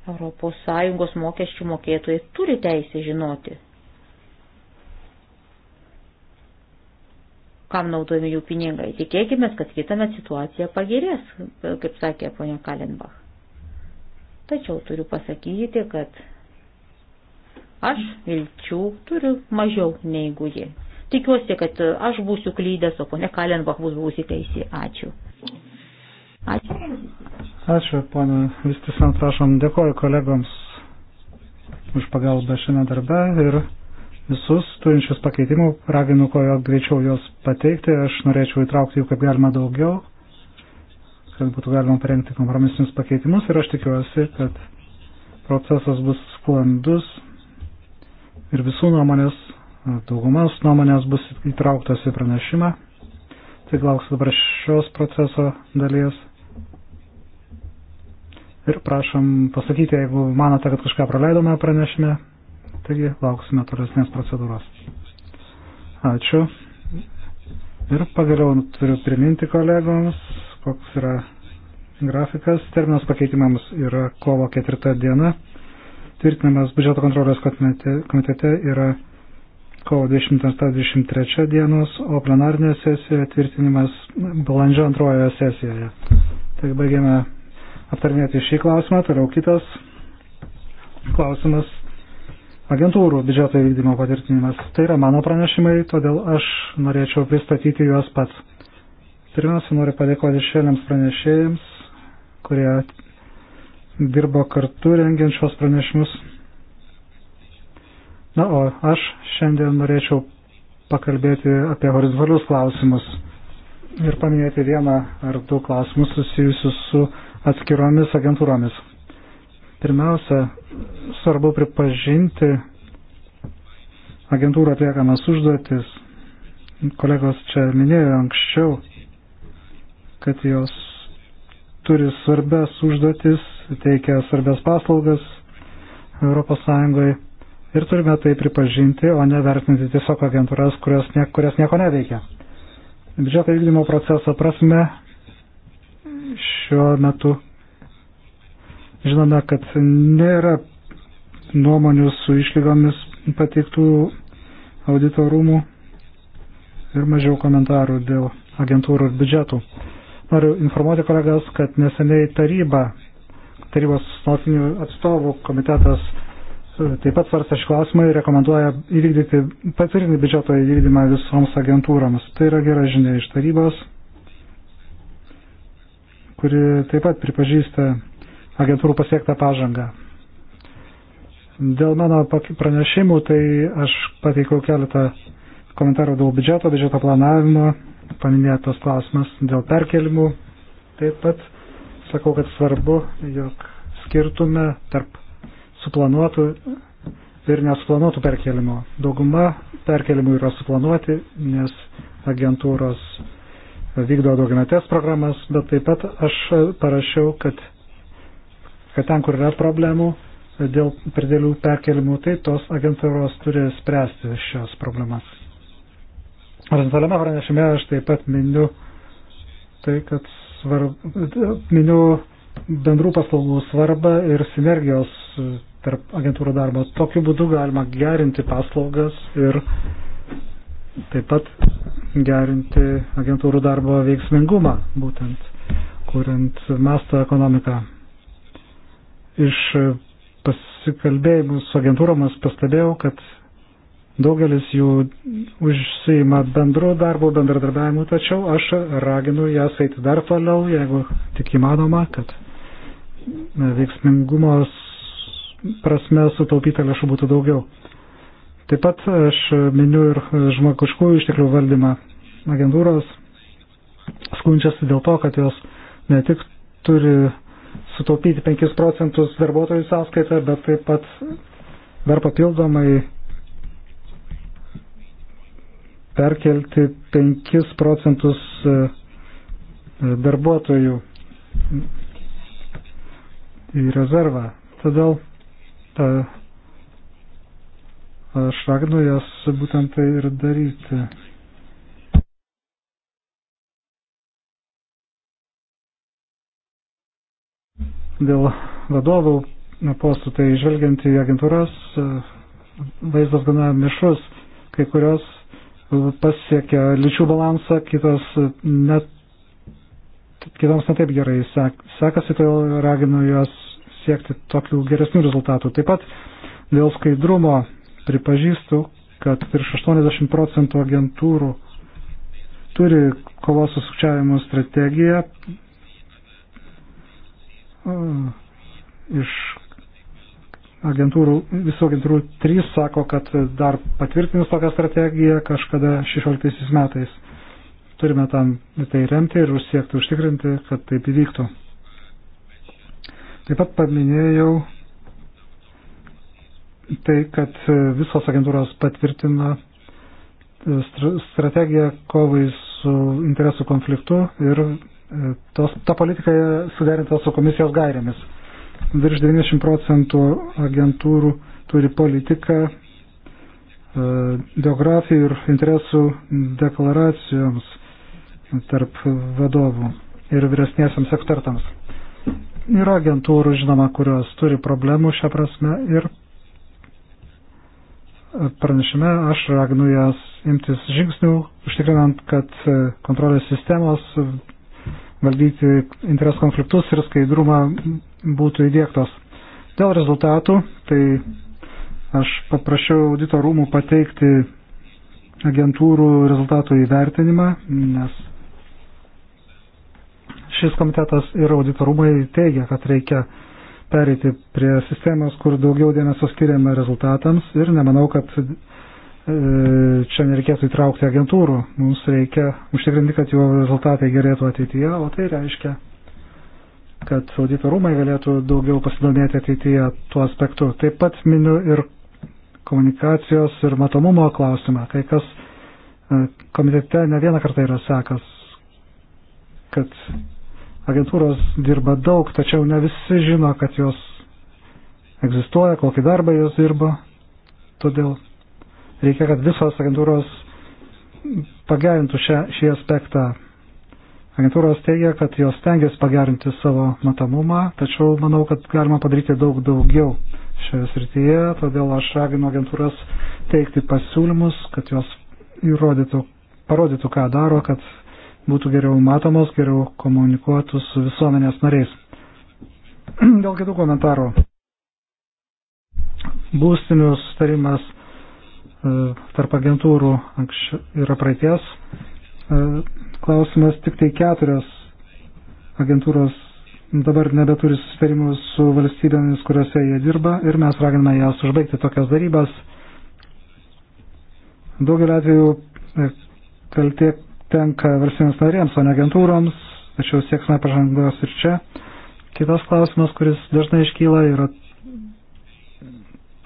ES mokesčių mokėtojai turi teisę žinoti, kam naudojami jų pinigai. Tikėkime, kad kitame situacija pagerės, kaip sakė ponia Kalenbach. Tačiau turiu pasakyti, kad Aš vilčių turiu mažiau neigu ji. Tikiuosi, kad aš būsiu klydęs, o ponia Kalenbach bus būsi teisi. Ačiū. Ačiū. Ačiū, ponia. Vis tik prašom, dėkoju kolegoms už pagalbą šiame darbe ir visus turinčius pakeitimų raginu, kojo greičiau juos pateikti. Aš norėčiau įtraukti jų kaip galima daugiau, kad būtų galima parengti kompromisinius pakeitimus ir aš tikiuosi, kad procesas bus sklandus ir visų nuomonės, e, daugumas nuomonės bus įtrauktos į pranešimą. Tai lauksiu dabar šios proceso dalies. Ir prašom pasakyti, jeigu manote, kad kažką praleidome pranešime, taigi lauksime tolesnės procedūros. Ačiū. Ir pagaliau turiu priminti kolegoms, koks yra grafikas. Terminas pakeitimams yra kovo ketvirta diena tvirtinamas biudžeto kontrolės komitete yra kovo 20-23 dienos, o plenarinė sesija tvirtinimas balandžio antrojoje sesijoje. Tai baigiame aptarnėti šį klausimą, toliau kitas klausimas agentūrų biudžeto įvykdymo patvirtinimas. Tai yra mano pranešimai, todėl aš norėčiau pristatyti juos pats. Pirmiausia, noriu padėkoti šėliams pranešėjams, kurie dirbo kartu rengiant šios pranešimus. Na, o aš šiandien norėčiau pakalbėti apie horizontalius klausimus ir paminėti vieną ar du klausimus susijusius su atskiromis agentūromis. Pirmiausia, svarbu pripažinti agentūrų atliekamas užduotis. Kolegos čia minėjo anksčiau, kad jos turi svarbes užduotis teikia svarbias paslaugas ES ir turime tai pripažinti, o ne vertinti tiesiog agentūras, kurios, ne, kurios nieko neveikia. Biudžeto vykdymo proceso prasme šiuo metu žinome, kad nėra nuomonių su išlygomis pateiktų audito rūmų ir mažiau komentarų dėl agentūrų ir biudžetų. Noriu informuoti kolegas, kad neseniai taryba tarybos nuotinių atstovų komitetas e, taip pat svarsta šį klausimą ir rekomenduoja įvykdyti, patvirtinti biudžeto įvykdymą visoms agentūrams. Tai yra gera žinia iš tarybos, kuri taip pat pripažįsta agentūrų pasiektą pažangą. Dėl mano pranešimų, tai aš pateikiau keletą komentarų dėl biudžeto, biudžeto planavimo, paminėtos klausimas dėl perkelimų, taip pat sakau, kad svarbu, jog skirtume tarp suplanuotų ir nesuplanuotų perkelimo. Dauguma perkelimų yra suplanuoti, nes agentūros vykdo daugiametės programas, bet taip pat aš parašiau, kad, kad ten, kur yra problemų dėl perdėlių perkelimų, tai tos agentūros turi spręsti šias problemas. Horizontaliame pranešime aš taip pat miniu tai, kad svarb, miniu bendrų paslaugų svarbą ir sinergijos tarp agentūrų darbo. Tokiu būdu galima gerinti paslaugas ir taip pat gerinti agentūrų darbo veiksmingumą, būtent kuriant masto ekonomiką. Iš pasikalbėjimų su agentūromis pastebėjau, kad Daugelis jų užsima bendru darbu, bendradarbiavimu, tačiau aš raginu jas eiti dar toliau, jeigu tik įmanoma, kad veiksmingumos prasme sutaupyta lėšų būtų daugiau. Taip pat aš miniu ir žmogiškųjų išteklių valdymą. Agentūros skundžiasi dėl to, kad jos ne tik turi sutaupyti 5 procentus darbuotojų sąskaitą, bet taip pat dar papildomai perkelti 5 procentus e, e, darbuotojų į rezervą. Todėl ta, e, aš raginu jas būtent tai ir daryti. Dėl vadovų postų, tai žvelgiant į agentūras, vaizdas gana mišus, kai kurios pasiekia lyčių balansą, kitos net, kitoms netaip gerai sek, sekasi, todėl raginu juos siekti tokių geresnių rezultatų. Taip pat dėl skaidrumo pripažįstu, kad virš 80 procentų agentūrų turi kovos su sukčiavimu strategiją, iš agentūrų, visų agentūrų 3 sako, kad dar patvirtinus tokią strategiją kažkada 16 metais turime tam tai remti ir užsiekti užtikrinti, kad taip įvyktų. Taip pat paminėjau tai, kad visos agentūros patvirtina strategiją kovai su interesų konfliktu ir e, tos, ta politika suderinta su komisijos gairėmis. Virš 90 procentų agentūrų turi politiką, biografijų e, ir interesų deklaracijoms tarp vadovų ir vyresniesiams ekspertams. Yra agentūrų, žinoma, kurios turi problemų šią prasme ir pranešime aš raginu jas imtis žingsnių, užtikrinant, kad kontrolės sistemos valdyti interesų konfliktus ir skaidrumą būtų įdėktos. Dėl rezultatų, tai aš paprašiau audito rūmų pateikti agentūrų rezultatų įvertinimą, nes šis komitetas ir audito rūmai teigia, kad reikia pereiti prie sistemos, kur daugiau dėmesio skiriame rezultatams ir nemanau, kad E, čia nereikėtų įtraukti agentūrų. Mums reikia užtikrinti, kad jų rezultatai gerėtų ateityje, o tai reiškia, kad auditorumai galėtų daugiau pasidomėti ateityje tuo aspektu. Taip pat miniu ir komunikacijos ir matomumo klausimą. Kai kas e, komitete ne vieną kartą yra sakęs, kad agentūros dirba daug, tačiau ne visi žino, kad jos egzistuoja, kokį darbą jos dirba. Todėl Reikia, kad visos agentūros pagerintų šią, šį aspektą. Agentūros teigia, kad jos tengiasi pagerinti savo matomumą, tačiau manau, kad galima padaryti daug daugiau šioje srityje, todėl aš raginu agentūras teikti pasiūlymus, kad jos įrodytų, parodytų, ką daro, kad būtų geriau matomos, geriau komunikuotų su visuomenės nariais. Dėl kitų komentarų. Būstinių sustarimas E, tarp agentūrų anksčiau yra praeities e, klausimas, tik tai keturios agentūros dabar nebeturi susitarimų su valstybėmis, kuriuose jie dirba ir mes raginame jas užbaigti tokias darybas. Daugelį atvejų e, kaltė tenka valstybėms narėms, o ne agentūroms, tačiau sieksime pažangos ir čia. Kitas klausimas, kuris dažnai iškyla, yra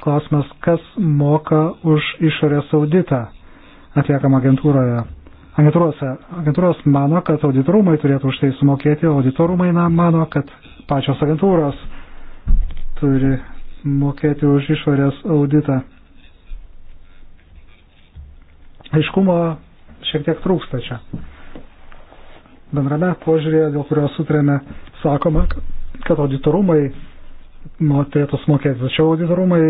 klausimas, kas moka už išorės auditą atliekamą agentūroje. Agentūrose. Agentūros mano, kad auditorumai turėtų už tai sumokėti, auditorumai na, mano, kad pačios agentūros turi mokėti už išorės auditą. Aiškumo šiek tiek trūksta čia. Bendrame požiūrėje, dėl kurio sutrėme, sakoma, kad auditorumai turėtų sumokėti. Tačiau auditorumai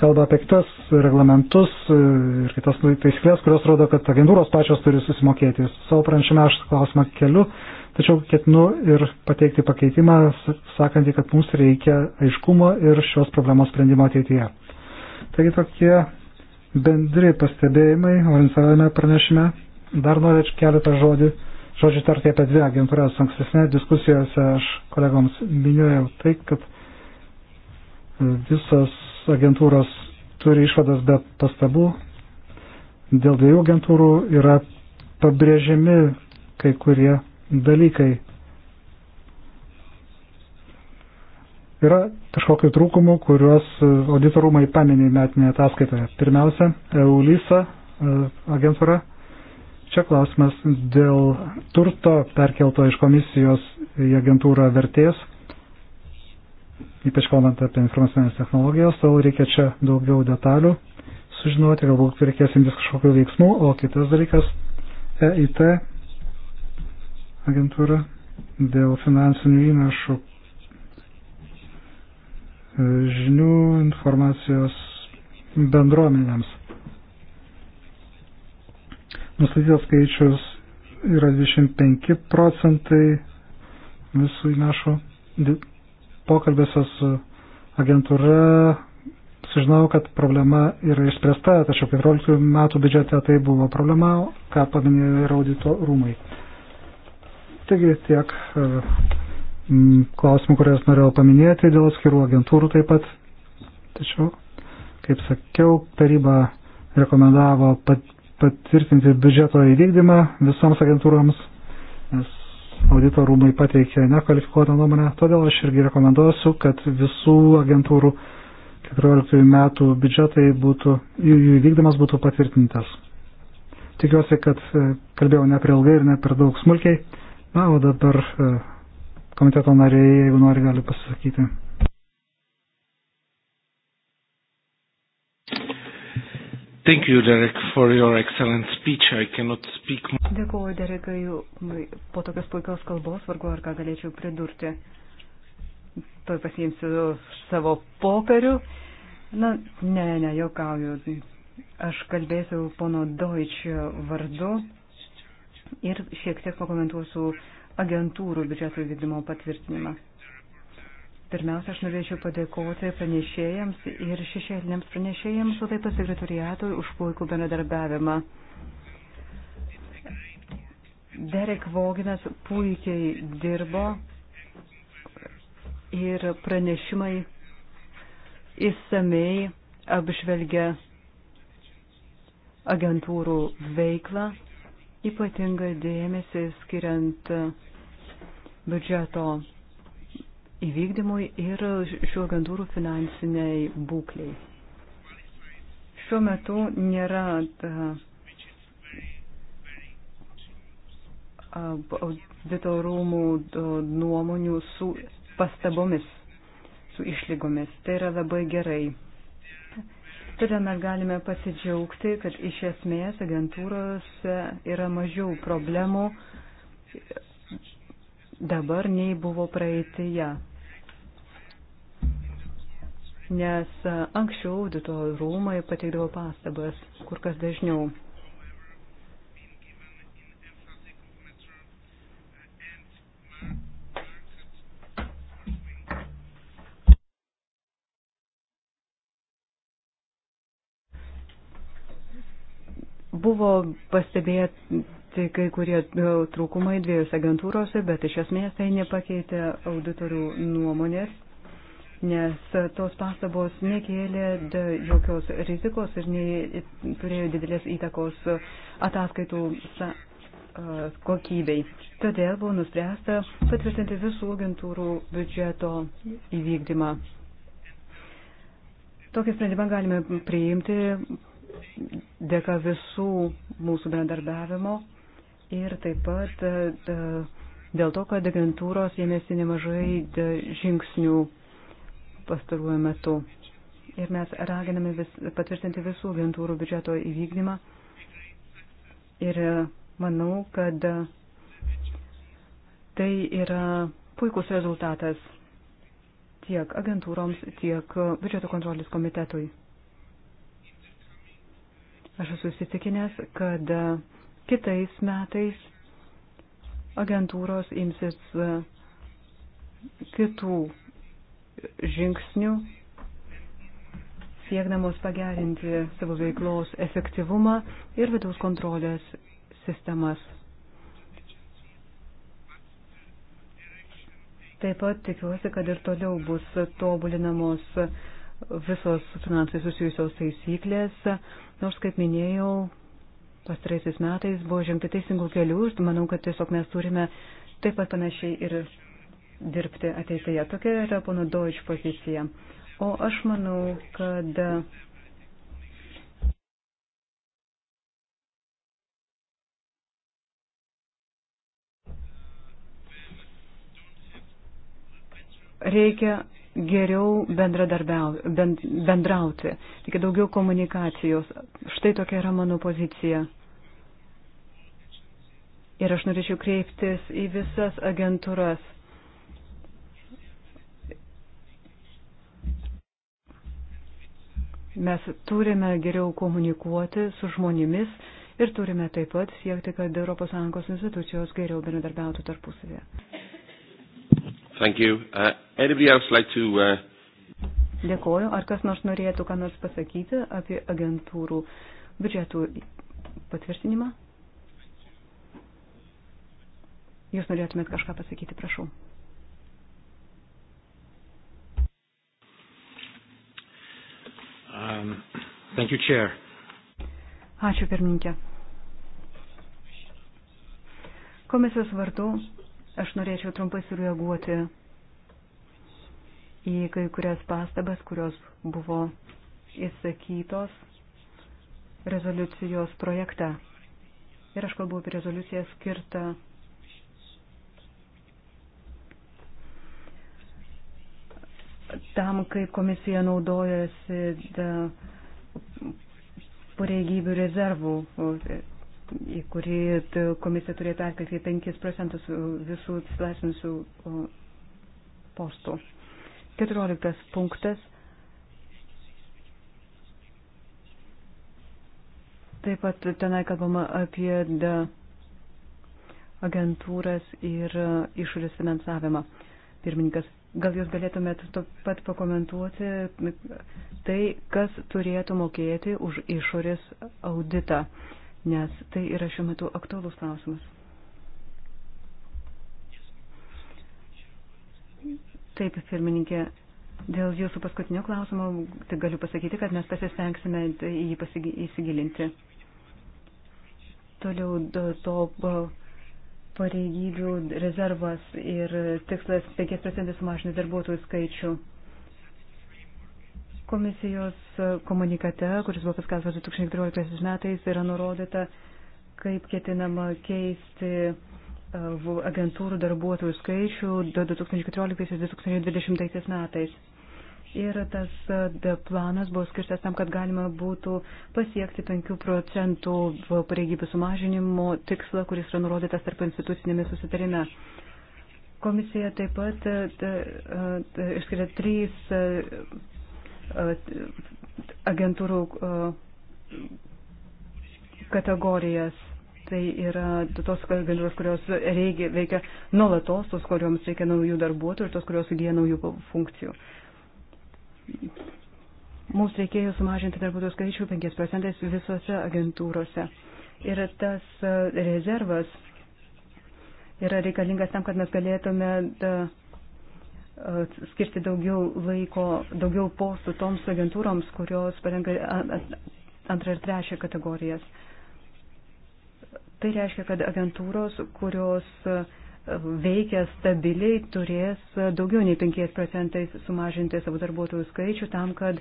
kalba apie kitas reglamentus ir kitas taisyklės, kurios rodo, kad agentūros pačios turi susimokėti. Savo pranešime aš klausimą keliu, tačiau ketinu ir pateikti pakeitimą, sakantį, kad mums reikia aiškumo ir šios problemos sprendimo ateityje. Taigi tokie bendri pastebėjimai, o insaviame pranešime dar norėčiau keletą žodžių Žodžiu, tartai apie dvi agentūras ankstesnė diskusijose aš kolegoms minėjau tai, kad visos agentūros turi išvadas be pastabų. Dėl dviejų agentūrų yra pabrėžiami kai kurie dalykai. Yra kažkokių trūkumų, kuriuos auditorumai paminė metinėje ataskaitoje. Pirmiausia, EULISA e, agentūra Čia klausimas dėl turto perkelto iš komisijos į agentūrą vertės, ypač kalbant apie informacinės technologijas, tol reikia čia daugiau detalių sužinoti, galbūt reikės imtis kažkokių veiksmų, o kitas dalykas EIT agentūra dėl finansinių įnašų e, žinių informacijos bendruomenėms. Nustatytas skaičius yra 25 procentai visų įnašų. Pokalbėse su agentūra sužinojau, kad problema yra išspręsta, tačiau 15 metų biudžete tai buvo problema, ką paminėjo ir audito rūmai. Taigi tiek e, klausimų, kurias norėjau paminėti dėl atskirų agentūrų taip pat. Tačiau, kaip sakiau, taryba rekomendavo pat patvirtinti biudžeto įvykdymą visoms agentūroms, nes audito rūmai pateikė nekvalifikuotą nuomonę, todėl aš irgi rekomenduosiu, kad visų agentūrų 14 metų biudžetai būtų, jų įvykdymas būtų patvirtintas. Tikiuosi, kad e, kalbėjau ne per ilgai ir ne per daug smulkiai. Na, o dabar e, komiteto nariai, jeigu nori, gali pasisakyti. Thank you, Derek, for your excellent speech. I cannot speak more. Dėkuoju, Derekai, po tokios puikios kalbos, vargu ar ką galėčiau pridurti. Tuoj pasiimsiu savo popierių. Na, ne, ne, jokauju. Aš kalbėsiu pono Deutsche vardu ir šiek tiek pakomentuosiu agentūrų biudžeto vykdymo patvirtinimą. Pirmiausia, aš norėčiau padėkoti pranešėjams ir šešėliniams pranešėjams, o taip pat sekretoriatui už puikų bendradarbiavimą. Derek Voginas puikiai dirbo ir pranešimai įsamei apžvelgia agentūrų veiklą, ypatingą dėmesį skiriant biudžeto įvykdymui ir šių agentūrų finansiniai būkliai. Šiuo metu nėra audito rūmų nuomonių su pastabomis, su išlygomis. Tai yra labai gerai. Todėl mes galime pasidžiaugti, kad iš esmės agentūrose yra mažiau problemų dabar nei buvo praeitėje nes e, anksčiau audito rūmai pateikdavo pastabas kur kas dažniau. Buvo pastebėti kai kurie e, trūkumai dviejose agentūrose, bet iš esmės tai nepakeitė auditorių nuomonės nes tos pastabos nekėlė jokios rizikos ir neturėjo didelės įtakos ataskaitų kokybei. Todėl buvo nuspręsta patvirtinti visų agentūrų biudžeto įvykdymą. Tokį sprendimą galime priimti dėka visų mūsų bendarbiavimo ir taip pat dėl to, kad agentūros ėmėsi nemažai žingsnių pastaruoju metu. Ir mes raginame vis, patvirtinti visų agentūrų biudžeto įvykdymą. Ir manau, kad tai yra puikus rezultatas tiek agentūroms, tiek biudžeto kontrolės komitetui. Aš esu įsitikinęs, kad kitais metais agentūros imsis kitų žingsnių, siekdamos pagerinti savo veiklos efektyvumą ir vidaus kontrolės sistemas. Taip pat tikiuosi, kad ir toliau bus tobulinamos visos finansai susijusios taisyklės, nors, kaip minėjau, pastaraisiais metais buvo žengti teisingų kelių ir manau, kad tiesiog mes turime taip pat panašiai ir dirbti ateityje. Tokia yra pono Deutsch pozicija. O aš manau, kad reikia geriau bend, bendrauti, reikia daugiau komunikacijos. Štai tokia yra mano pozicija. Ir aš norėčiau kreiptis į visas agentūras Mes turime geriau komunikuoti su žmonėmis ir turime taip pat siekti, kad ES institucijos geriau bendradarbiautų tarpusavėje. Uh, like to, uh... Dėkoju. Ar kas nors norėtų ką nors pasakyti apie agentūrų biudžetų patvirtinimą? Jūs norėtumėt kažką pasakyti, prašau. Um, thank you, Chair. Ačiū, pirmininkė. Komisijos vardu aš norėčiau trumpai sureaguoti į kai kurias pastabas, kurios buvo įsakytos rezoliucijos projekte. Ir aš kalbu apie rezoliuciją skirtą tam, kaip komisija naudojasi pareigybių rezervų, į kurį komisija turėtų atkreipti 5 procentus visų laisvinusių postų. 14 punktas. Taip pat tenai kalbama apie agentūras ir išorės finansavimą. Pirmininkas Gal jūs galėtumėt pat pakomentuoti tai, kas turėtų mokėti už išorės auditą, nes tai yra šiuo metu aktualus klausimas. Taip, pirmininkė, dėl jūsų paskutinio klausimo, tai galiu pasakyti, kad mes pasistengsime į jį įsigilinti. Toliau to. to pareigybių rezervas ir tikslas 5 procentai sumažinti darbuotojų skaičių. Komisijos komunikate, kuris buvo paskelbtas 2014 metais, yra nurodyta, kaip ketinama keisti e, agentūrų darbuotojų skaičių 2014-2020 metais. Ir tas e, planas buvo skirtas tam, kad galima būtų pasiekti 5 procentų pareigybių sumažinimo tikslą, kuris yra nurodytas tarp institucinėme susitarime. Komisija taip pat e, e, išskiria trys agentūrų kategorijas. Tai yra tos agentūros, kurios reikia, veikia nuolatos, tos, kuriuoms reikia naujų darbuotojų ir tos, kurios įgyja naujų funkcijų. Uh, Mums reikėjo sumažinti darbuotojų skaičių 5 procentais visose agentūrose. Ir tas e, rezervas yra reikalingas tam, kad mes galėtume da, e, skirti daugiau laiko, daugiau postų toms agentūroms, kurios parenka antrą ir trečią kategorijas. Tai reiškia, kad agentūros, kurios uh, veikia stabiliai, turės daugiau nei 5 procentais sumažinti savo darbuotojų skaičių tam, kad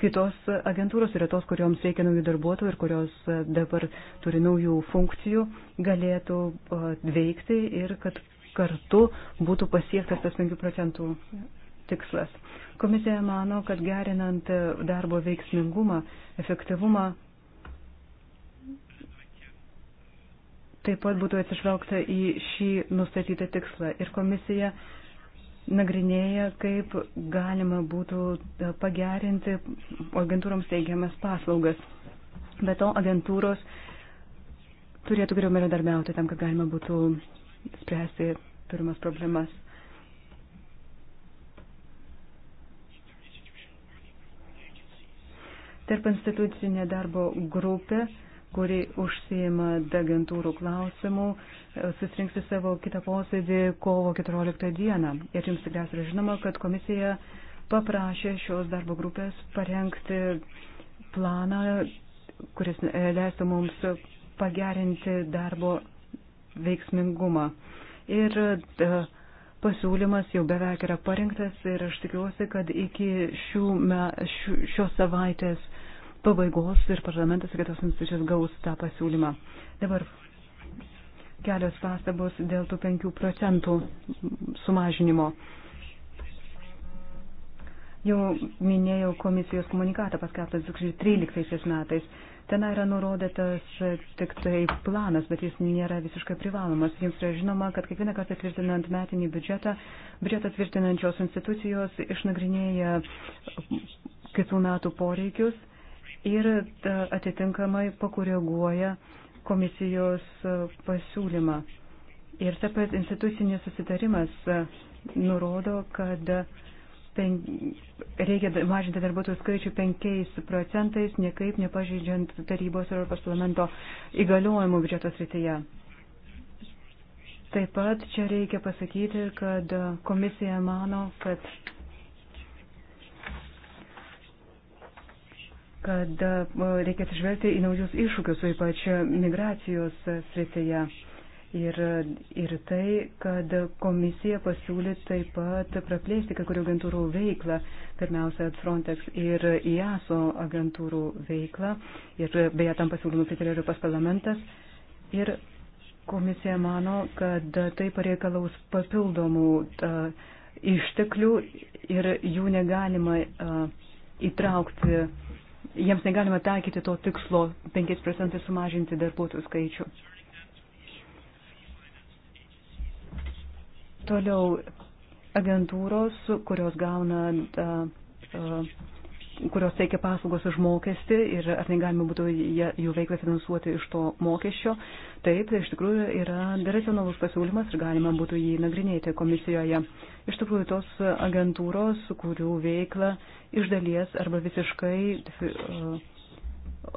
kitos agentūros yra tos, kurioms reikia naujų darbuotojų ir kurios dabar turi naujų funkcijų, galėtų veikti ir kad kartu būtų pasiektas tas 5 procentų tikslas. Komisija mano, kad gerinant darbo veiksmingumą, efektyvumą taip pat būtų atsižvelgta į šį nustatytą tikslą. Ir komisija nagrinėja, kaip galima būtų pagerinti agentūroms teigiamas paslaugas. Be to, agentūros turėtų geriau bendradarbiauti tam, kad galima būtų spręsti turimas problemas. Tarp institucinė darbo grupė kuri užsijima agentūrų klausimų, susirinksi savo kitą posėdį kovo 14 dieną. Ir jums tikriausiai yra žinoma, kad komisija paprašė šios darbo grupės parengti planą, kuris leistų mums pagerinti darbo veiksmingumą. Ir e, pasiūlymas jau beveik yra parinktas ir aš tikiuosi, kad iki šių me, šių, šios savaitės pabaigos ir parlamentas ir kitos institucijos gaus tą pasiūlymą. Dabar kelios pastabos dėl tų 5 procentų sumažinimo. Jau minėjau komisijos komunikatą paskelbtas 2013 metais. Ten yra nurodytas tik tai planas, bet jis nėra visiškai privalomas. Jums yra žinoma, kad kiekvieną kartą tvirtinant metinį biudžetą, biudžetą tvirtinančios institucijos išnagrinėja kitų metų poreikius ir atitinkamai pakoreguoja komisijos e, pasiūlymą. Ir taip pat institucinis susitarimas e, nurodo, kad e, pen, reikia mažinti darbuotojų skaičių 5 procentais, niekaip nepažeidžiant tarybos ir Europos parlamento įgaliojimų biudžeto srityje. Taip pat čia reikia pasakyti, kad komisija mano, kad kad e, reikia atsižvelgti į naujus iššūkius, ypač migracijos srityje. Ir, ir tai, kad komisija pasiūlė taip pat praplėsti kai kurių agentūrų veiklą, pirmiausia, Frontex ir IASO agentūrų veiklą, ir beje, tam pasiūlymui pritarė Europos parlamentas. Ir komisija mano, kad tai pareikalaus papildomų uh, išteklių ir jų negalima uh, įtraukti. Uh, jiems negalima taikyti to tikslo 5 procentai sumažinti darbuotojų skaičių. Toliau agentūros, kurios gauna da, uh, kurios teikia paslaugos už mokestį ir ar negalima būtų jų veiklą finansuoti iš to mokesčio. Taip, tai iš tikrųjų yra racionalus pasiūlymas ir galima būtų jį nagrinėti komisijoje. Iš tikrųjų, tos agentūros, kurių veikla iš dalies arba visiškai uh,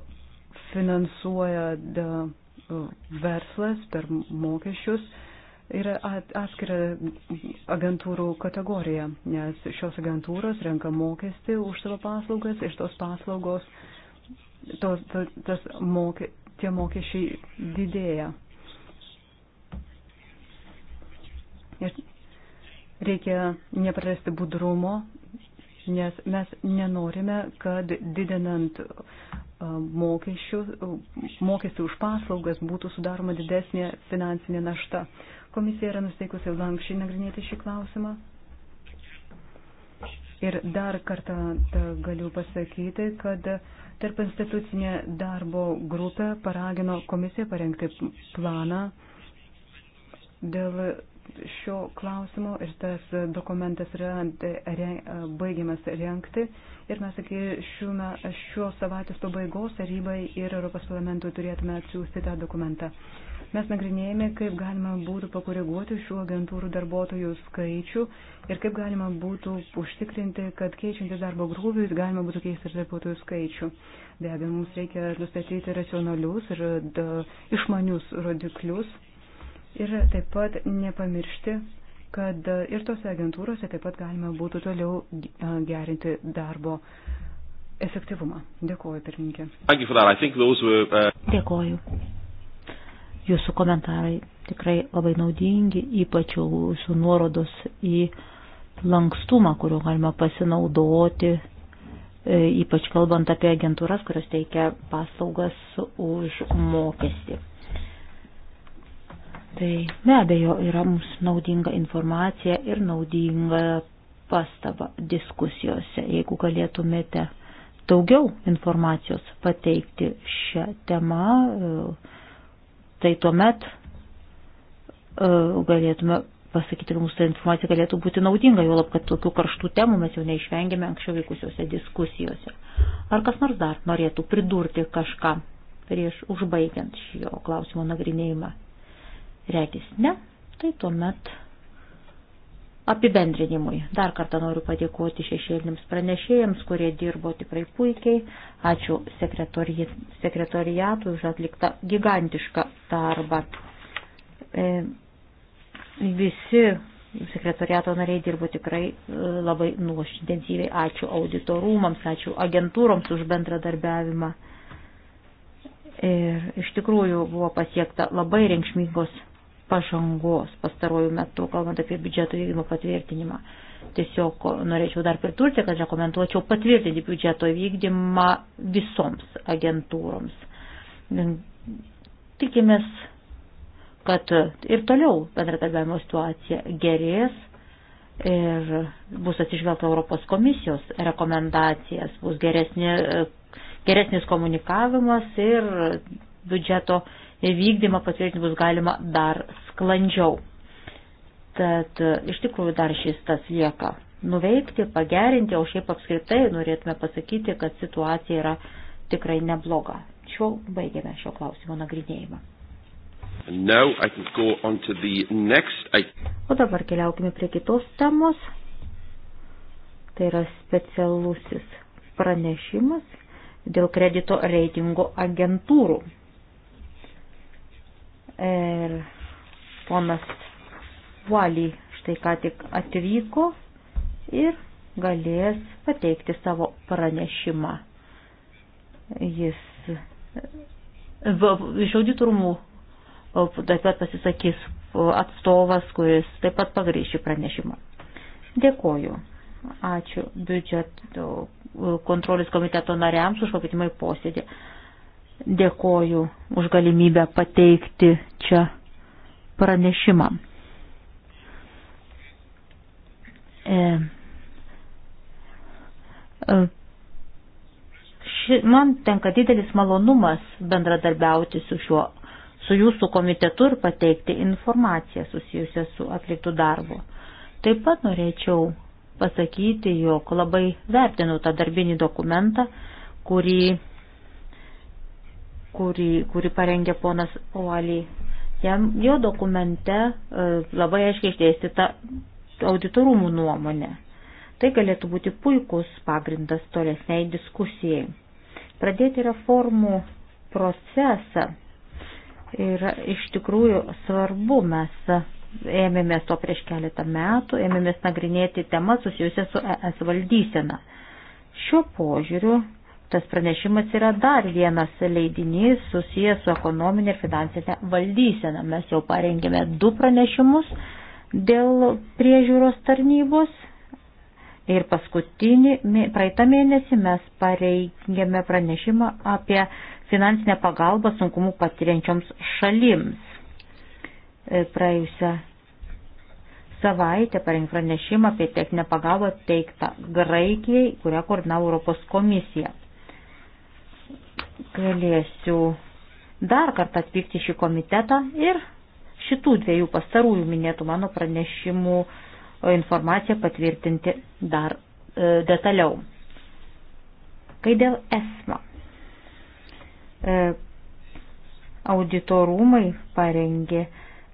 finansuoja uh, verslas per mokesčius, yra atskira agentūrų kategorija, nes šios agentūros renka mokestį už savo paslaugas, iš tos paslaugos tos, to, tas mokė, tie mokesčiai didėja. Ir reikia neprarasti budrumo, nes mes nenorime, kad didinant mokesčių, mokestį už paslaugas būtų sudaroma didesnė finansinė našta. Komisija yra nusteikusi lankščiai nagrinėti šį klausimą. Ir dar kartą galiu pasakyti, kad tarp institucinė darbo grupė paragino komisiją parengti planą dėl šio klausimo ir tas dokumentas yra baigiamas renkti ir mes iki šios savaitės pabaigos tarybai ir Europos parlamentui turėtume atsiųsti tą dokumentą mes nagrinėjame, kaip galima būtų pakoreguoti šių agentūrų darbuotojų skaičių ir kaip galima būtų užtikrinti, kad keičiantis darbo grūvius galima būtų keisti ir darbuotojų skaičių. Be abejo, mums reikia nustatyti racionalius ir da, išmanius rodiklius ir taip pat nepamiršti kad ir tose agentūrose taip pat galima būtų toliau gerinti darbo efektyvumą. Dėkuoju, pirmininkė. Uh, Dėkuoju. Jūsų komentarai tikrai labai naudingi, ypač jūsų nuorodos į lankstumą, kuriuo galima pasinaudoti, e, ypač kalbant apie agentūras, kurios teikia paslaugas už mokestį. Tai be abejo yra mums naudinga informacija ir naudinga pastaba diskusijose, jeigu galėtumėte daugiau informacijos pateikti šią temą. E, tai tuomet e, galėtume pasakyti, kad mūsų ta informacija galėtų būti naudinga, jau lab, kad tokių karštų temų mes jau neišvengėme anksčiau vykusiuose diskusijose. Ar kas nors dar norėtų pridurti kažką prieš užbaigiant šio klausimo nagrinėjimą? Regis ne, tai tuomet apibendrinimui. Dar kartą noriu padėkoti šešėlinims pranešėjams, kurie dirbo tikrai puikiai. Ačiū sekretoriatui už atliktą gigantišką darbą. E, visi sekretoriato nariai dirbo tikrai e, labai nuoširdžiai, intensyviai. Ačiū auditorumams, ačiū agentūroms už bendradarbiavimą. Ir iš tikrųjų buvo pasiekta labai reikšmingos pažangos pastarojų metų, kalbant apie biudžeto įvykdymo patvirtinimą. Tiesiog norėčiau dar pridurti, kad rekomenduočiau patvirtinti biudžeto įvykdymą visoms agentūroms. Tikimės, kad ir toliau bendradarbiavimo situacija gerės ir bus atsižvelgta Europos komisijos rekomendacijas, bus geresnė, geresnis komunikavimas ir biudžeto vykdymą patvirtinti bus galima dar sklandžiau. Tad e, iš tikrųjų dar šis tas lieka nuveikti, pagerinti, o šiaip apskritai norėtume pasakyti, kad situacija yra tikrai nebloga. Šiuo baigėme šio klausimo nagrinėjimą. I... O dabar keliaukime prie kitos temos. Tai yra specialusis pranešimas dėl kredito reitingo agentūrų. Ir ponas Valį štai ką tik atvyko ir galės pateikti savo pranešimą. Jis iš auditorumų taip pat pasisakys atstovas, kuris taip pat pagrįšį pranešimą. Dėkoju. Ačiū biudžeto kontrolės komiteto nariams už pakvietimą į posėdį. Dėkoju už galimybę pateikti čia pranešimą. E, e, ši, man tenka didelis malonumas bendradarbiauti su šiuo su jūsų komitetu ir pateikti informaciją susijusią su atliktų darbu. Taip pat norėčiau pasakyti, jog labai vertinu tą darbinį dokumentą, kurį kurį, kurį parengė ponas Oaly. Jam, jo dokumente e, labai aiškiai išdėstyta auditorumų nuomonė. Tai galėtų būti puikus pagrindas tolesniai diskusijai. Pradėti reformų procesą yra iš tikrųjų svarbu. Mes ėmėmės to prieš keletą metų, ėmėmės nagrinėti temas susijusią su ES valdysena. Šiuo požiūriu Tas pranešimas yra dar vienas leidinys susijęs su ekonominė ir finansinė valdysena. Mes jau parengėme du pranešimus dėl priežiūros tarnybos. Ir paskutinį, praeitą mėnesį mes pareigėme pranešimą apie finansinę pagalbą sunkumų patiriančioms šalims. E, praėjusią savaitę parengė pranešimą apie techninę pagalbą teiktą Graikijai, kurią koordinavo Europos komisija galėsiu dar kartą atvykti šį komitetą ir šitų dviejų pastarųjų minėtų mano pranešimų e, informaciją patvirtinti dar e, detaliau. Kai dėl esmo. E, auditorumai parengė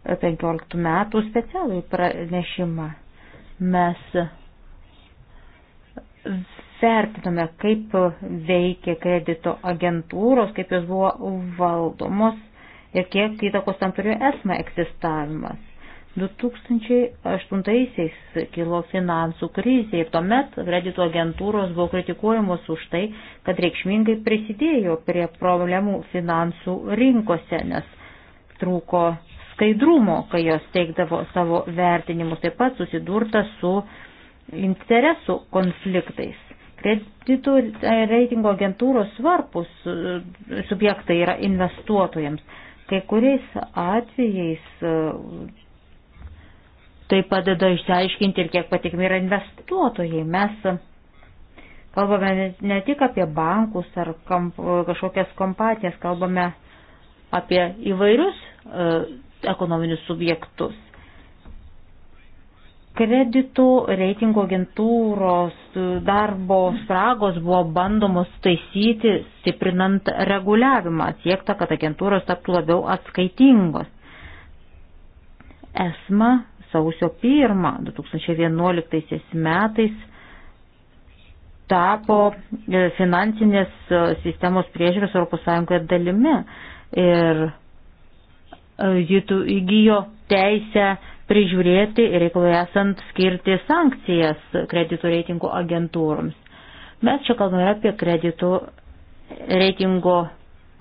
15 e, metų specialų pranešimą. Mes vertinome, kaip veikė kredito agentūros, kaip jos buvo valdomos ir kiek įtakos tam turėjo esmą egzistavimas. 2008-aisiais kilo finansų krizė ir tuomet kredito agentūros buvo kritikuojamos už tai, kad reikšmingai prisidėjo prie problemų finansų rinkose, nes trūko skaidrumo, kai jos teikdavo savo vertinimus, taip pat susidurta su interesų konfliktais. Kreditų e, reitingo agentūros svarbus e, subjektai yra investuotojams. Kai kuriais atvejais e, tai padeda išsiaiškinti ir kiek patikimi yra investuotojai. Mes kalbame ne tik apie bankus ar komp kažkokias kompanijas, kalbame apie įvairius e, ekonominius subjektus. Kreditų reitingo agentūros darbo spragos buvo bandomos taisyti, stiprinant reguliavimą, siekta, kad agentūros taptų labiau atskaitingos. ESMA sausio 1 2011 metais tapo e, finansinės e, sistemos priežiūros ES dalimi ir e, ji įgyjo teisę prižiūrėti ir reikalui esant skirti sankcijas kreditų reitingų agentūroms. Mes čia kalbame ir apie kreditų reitingo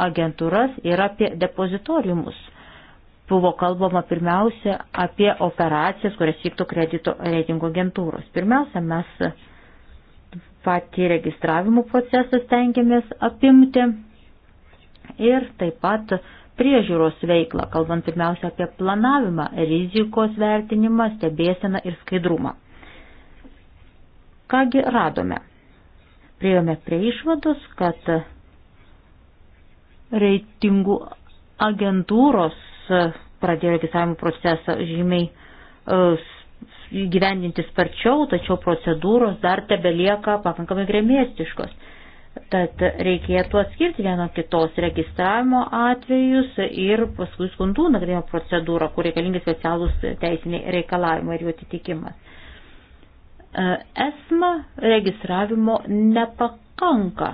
agentūras ir apie depozitoriumus. Buvo kalbama pirmiausia apie operacijas, kurias vyktų kredito reitingo agentūros. Pirmiausia, mes patį registravimo procesą stengiamės apimti ir taip pat priežiūros veiklą, kalbant pirmiausia apie planavimą, rizikos vertinimą, stebėseną ir skaidrumą. Kągi radome? Priejome prie išvados, kad reitingų agentūros pradėjo registravimo procesą žymiai e, gyvendinti sparčiau, tačiau procedūros dar tebelieka pakankamai grėmėstiškos. Tad reikėtų atskirti vieno kitos registravimo atvejus ir paskui skundų nagrinimo procedūrą, kur reikalingi specialūs teisiniai reikalavimai ir jų atitikimas. E, esma registravimo nepakanka,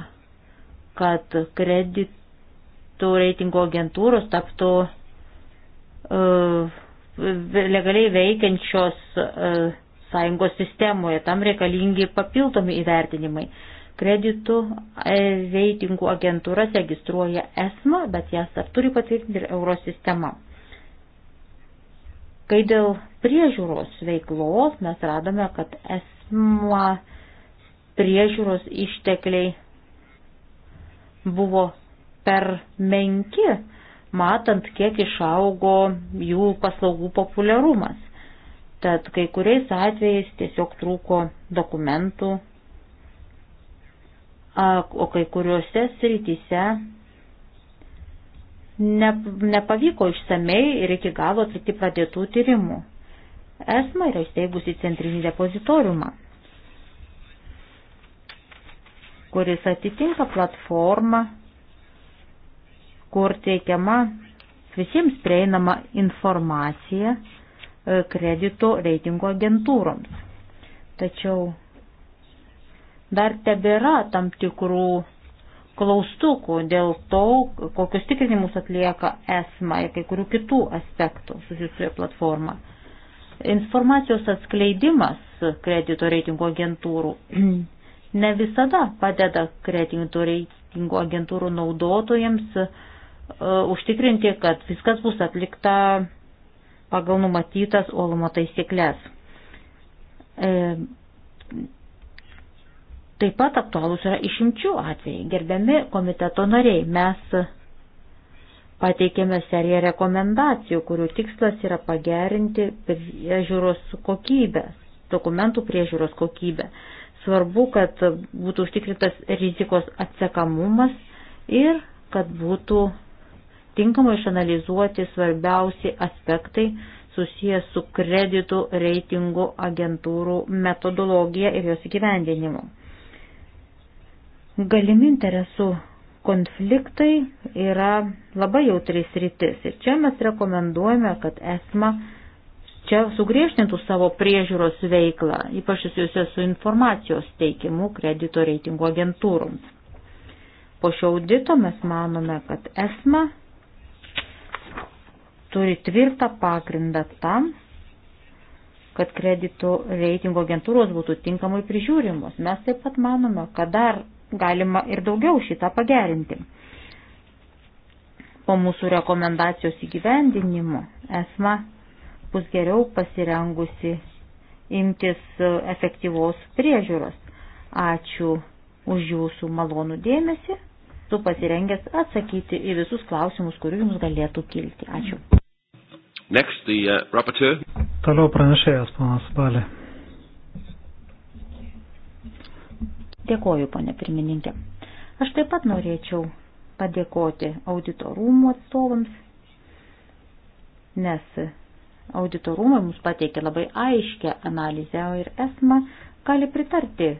kad kreditų reitingo agentūros taptų uh, legaliai veikiančios uh, sąjungos sistemoje. Tam reikalingi papildomi įvertinimai. Uh, kreditų e, reitingų agentūras registruoja ESMA, bet jas dar turi patvirtinti ir eurosistema. Kai dėl priežiūros veiklos mes radome, kad ESMA priežiūros ištekliai buvo per menki, matant, kiek išaugo jų paslaugų populiarumas. Tad kai kuriais atvejais tiesiog trūko dokumentų o kai kuriuose srityse ne, nepavyko išsamei ir iki galo atlikti pradėtų tyrimų. ESMA yra įsteigusi centrinį depozitoriumą, kuris atitinka platformą, kur teikiama visiems prieinama informacija e, kredito reitingo agentūroms. Tačiau dar tebėra tam tikrų klaustukų dėl to, kokius tikrinimus atlieka ESMA ir kai kurių kitų aspektų susijusioje platforma. Informacijos atskleidimas kredito reitingo agentūrų ne visada padeda kredito reitingo agentūrų naudotojams uh, užtikrinti, kad viskas bus atlikta pagal numatytas olumo taisyklės. Uh, Taip pat aktualūs yra išimčių atvejai. Gerbiami komiteto nariai, mes pateikėme seriją rekomendacijų, kurių tikslas yra pagerinti priežiūros kokybę, dokumentų priežiūros kokybę. Svarbu, kad būtų užtikrintas rizikos atsekamumas ir kad būtų tinkamai išanalizuoti svarbiausi aspektai susijęs su kreditų reitingų agentūrų metodologija ir jos įgyvendinimu. Galimi interesų konfliktai yra labai jautris rytis ir čia mes rekomenduojame, kad esma čia sugriežtintų savo priežiūros veiklą, ypač susijusią su informacijos teikimu kredito reitingo agentūroms. Po šio audito mes manome, kad esma turi tvirtą pagrindą tam, kad kredito reitingo agentūros būtų tinkamai prižiūrimos. Mes taip pat manome, kad dar galima ir daugiau šitą pagerinti. Po mūsų rekomendacijos įgyvendinimo esma bus geriau pasirengusi imtis efektyvos priežiūros. Ačiū už jūsų malonų dėmesį. Tu pasirengęs atsakyti į visus klausimus, kurių jums galėtų kilti. Ačiū. Next, the, uh, rapporteur. Toliau pranešėjas, panas Balė. Dėkoju, ponė pirmininkė. Aš taip pat norėčiau padėkoti auditorumų atstovams, nes auditorumai mums pateikė labai aiškę analizę ir esmą gali pritarti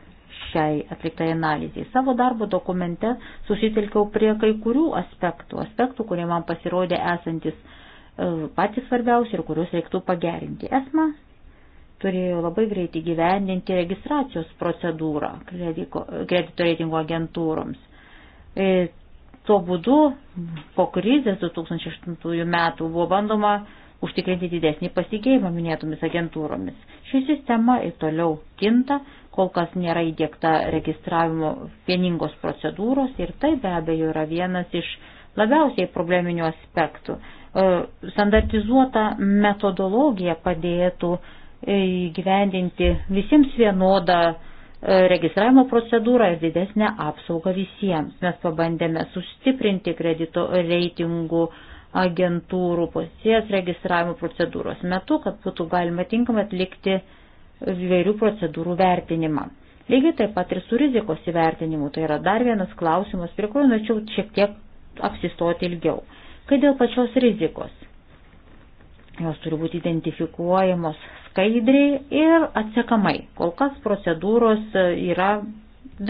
šiai atliktai analizai. Savo darbo dokumente susitelkiau prie kai kurių aspektų, aspektų, kurie man pasirodė esantis e, patys svarbiausi ir kuriuos reiktų pagerinti. Esma turėjo labai greitai gyvendinti registracijos procedūrą kredito reitingo agentūroms. Ir e, tuo būdu po krizės 2008 metų buvo bandoma užtikrinti didesnį pasikeimą minėtomis agentūromis. Ši sistema ir toliau kinta, kol kas nėra įdėkta registravimo vieningos procedūros ir tai be abejo yra vienas iš labiausiai probleminių aspektų. E, standartizuota metodologija padėtų E, įgyvendinti visiems vienodą e, registravimo procedūrą ir didesnę apsaugą visiems. Mes pabandėme sustiprinti kredito reitingų agentūrų pozicijas registravimo procedūros metu, kad būtų galima tinkamai atlikti įvairių procedūrų vertinimą. Lygiai taip pat ir su rizikos įvertinimu, tai yra dar vienas klausimas, prie kurio norėčiau šiek tiek apsistoti ilgiau. Kai dėl pačios rizikos Jos turi būti identifikuojamos skaidriai ir atsekamai. Kol kas procedūros e, yra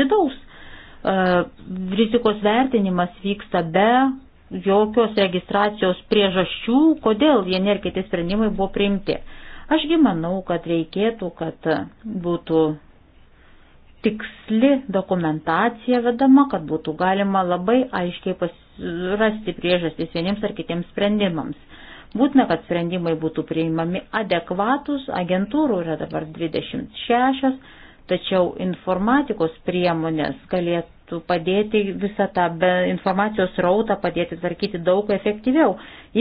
vidaus. E, rizikos vertinimas vyksta be jokios registracijos priežasčių, kodėl vieni ar kiti sprendimai buvo priimti. Ašgi manau, kad reikėtų, kad būtų tiksli dokumentacija vedama, kad būtų galima labai aiškiai rasti priežastis vieniems ar kitiems sprendimams. Būtina, kad sprendimai būtų priimami adekvatus, agentūrų yra dabar 26, tačiau informatikos priemonės galėtų padėti visą tą informacijos rautą, padėti tvarkyti daug efektyviau,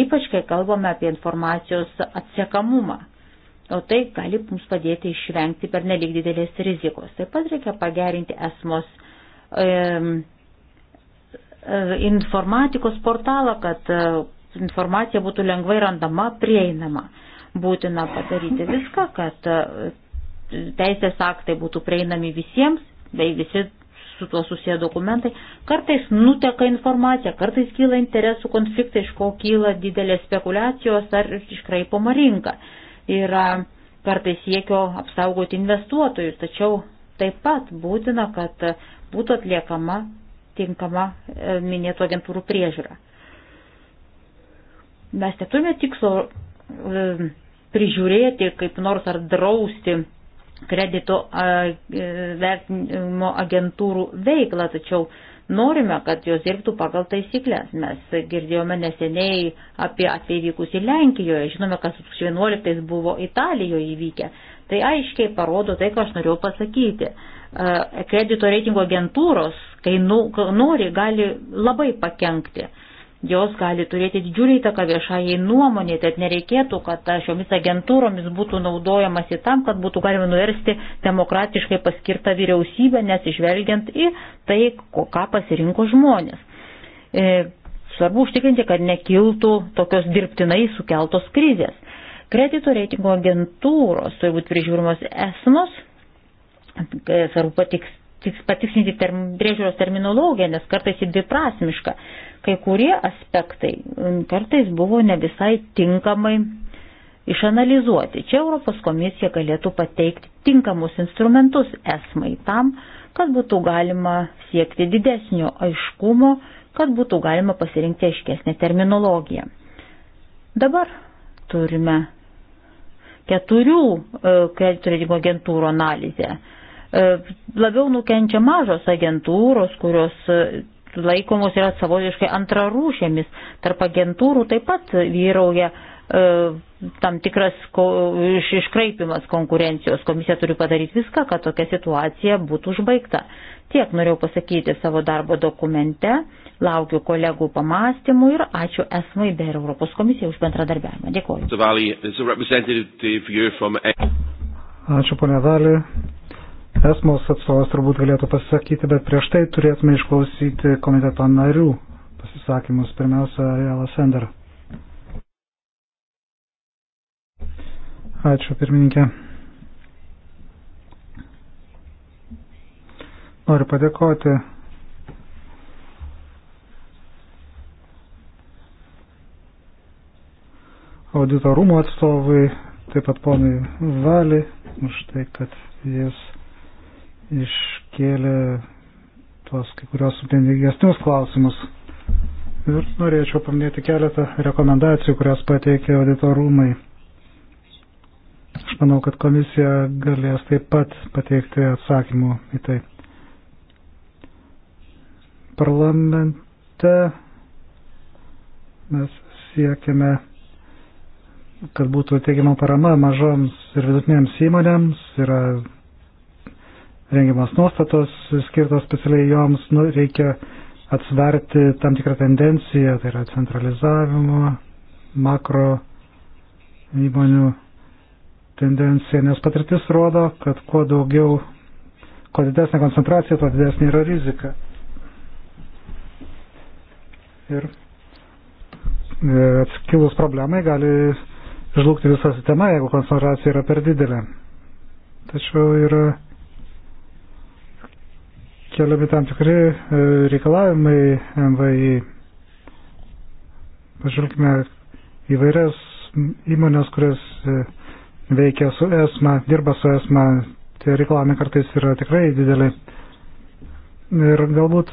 ypač kai kalbame apie informacijos atsiekamumą o tai gali mums padėti išvengti per nelik didelės rizikos. Taip pat reikia pagerinti esmos e, e, informatikos portalą, kad e, informacija būtų lengvai randama, prieinama. Būtina padaryti viską, kad e, teisės aktai būtų prieinami visiems, bei visi su tuo susiję dokumentai. Kartais nuteka informacija, kartais kyla interesų konfliktai, iš ko kyla didelės spekulacijos ar iškraipoma rinka. Yra kartais siekio apsaugoti investuotojus, tačiau taip pat būtina, kad būtų atliekama tinkama e, minėtų agentūrų priežiūra. Mes neturime tikslo e, prižiūrėti kaip nors ar drausti kredito e, vertinimo agentūrų veiklą, tačiau norime, kad jos dirbtų pagal taisyklės. Mes girdėjome neseniai apie atveivykusį Lenkijoje, žinome, kas 2011 buvo Italijoje įvykę. Tai aiškiai parodo tai, ką aš norėjau pasakyti. Kredito reitingo agentūros, kai nu, nori, gali labai pakengti jos gali turėti didžiulį įtaką viešajai nuomonė, tad nereikėtų, kad šiomis agentūromis būtų naudojamasi tam, kad būtų galima nuversti demokratiškai paskirtą vyriausybę, nesižvelgiant į tai, ką pasirinko žmonės. E, svarbu užtikrinti, kad nekiltų tokios dirbtinai sukeltos krizės. Kredito reitingo agentūros turi būti prižiūrimos esmos, e, svarbu patiks patikslinti term, priežiūros terminologiją, nes kartais ji dviprasmiška kai kurie aspektai mm, kartais buvo ne visai tinkamai išanalizuoti. Čia Europos komisija galėtų pateikti tinkamus instrumentus esmai tam, kad būtų galima siekti didesnio aiškumo, kad būtų galima pasirinkti aiškesnę terminologiją. Dabar turime keturių e, kreditų agentūrų analizę. E, labiau nukenčia mažos agentūros, kurios e, laikomos yra savotiškai antrarūšėmis. Tarp agentūrų taip pat vyrauja e, tam tikras ko, iš, iškraipimas konkurencijos. Komisija turi padaryti viską, kad tokia situacija būtų užbaigta. Tiek norėjau pasakyti savo darbo dokumente, laukiu kolegų pamastymų ir ačiū esmai bei Europos komisijai už bendradarbiavimą. Dėkuoju. Ačiū, ponė Valė. Esmos atstovas turbūt galėtų pasisakyti, bet prieš tai turėtume išklausyti komiteto narių pasisakymus. Pirmiausia, Jala Sender. Ačiū, pirmininkė. Noriu padėkoti auditorumo atstovui, taip pat ponui Valiui, už tai, kad jis iškėlė tuos kai kurios sudėtingesnius klausimus. Ir norėčiau paminėti keletą rekomendacijų, kurias pateikė auditorumai. Aš manau, kad komisija galės taip pat pateikti atsakymų į tai. Parlamente mes siekiame, kad būtų teigiama parama mažoms ir vidutinėms įmonėms, yra rengiamas nuostatos skirtos specialiai joms, nu, reikia atsverti tam tikrą tendenciją, tai yra centralizavimo, makro įmonių tendencija, nes patirtis rodo, kad kuo daugiau, kuo didesnė koncentracija, tuo didesnė yra rizika. Ir e, atskilus problemai gali žlugti visą sistemą, jeigu koncentracija yra per didelė. Tačiau yra keliami tam tikri e, reikalavimai MVI. Pažvelkime įvairias įmonės, kurias e, veikia su ESMA, dirba su ESMA, tie reikalavimai kartais yra tikrai dideli. Ir galbūt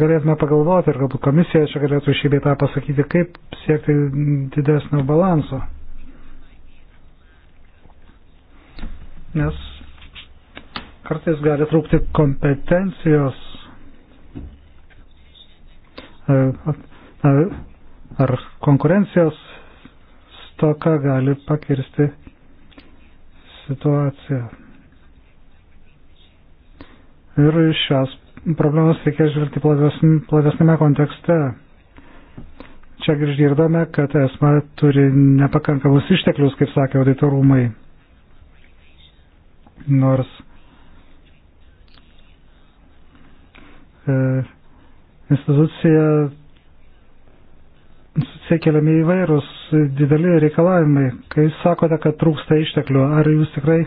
galėtume pagalvoti, ir galbūt komisija čia galėtų šį beitą pasakyti, kaip siekti didesnio balanso. Nes Kartais gali trūkti kompetencijos e, e, ar konkurencijos stoka gali pakirsti situaciją. Ir šios problemas reikia žvelgti platesnėme kontekste. Čia girdome, kad esma turi nepakankamus išteklius, kaip sakė auditorumai. Nors E, institucija keliami įvairūs dideli reikalavimai. Kai jūs sakote, kad trūksta išteklių, ar jūs tikrai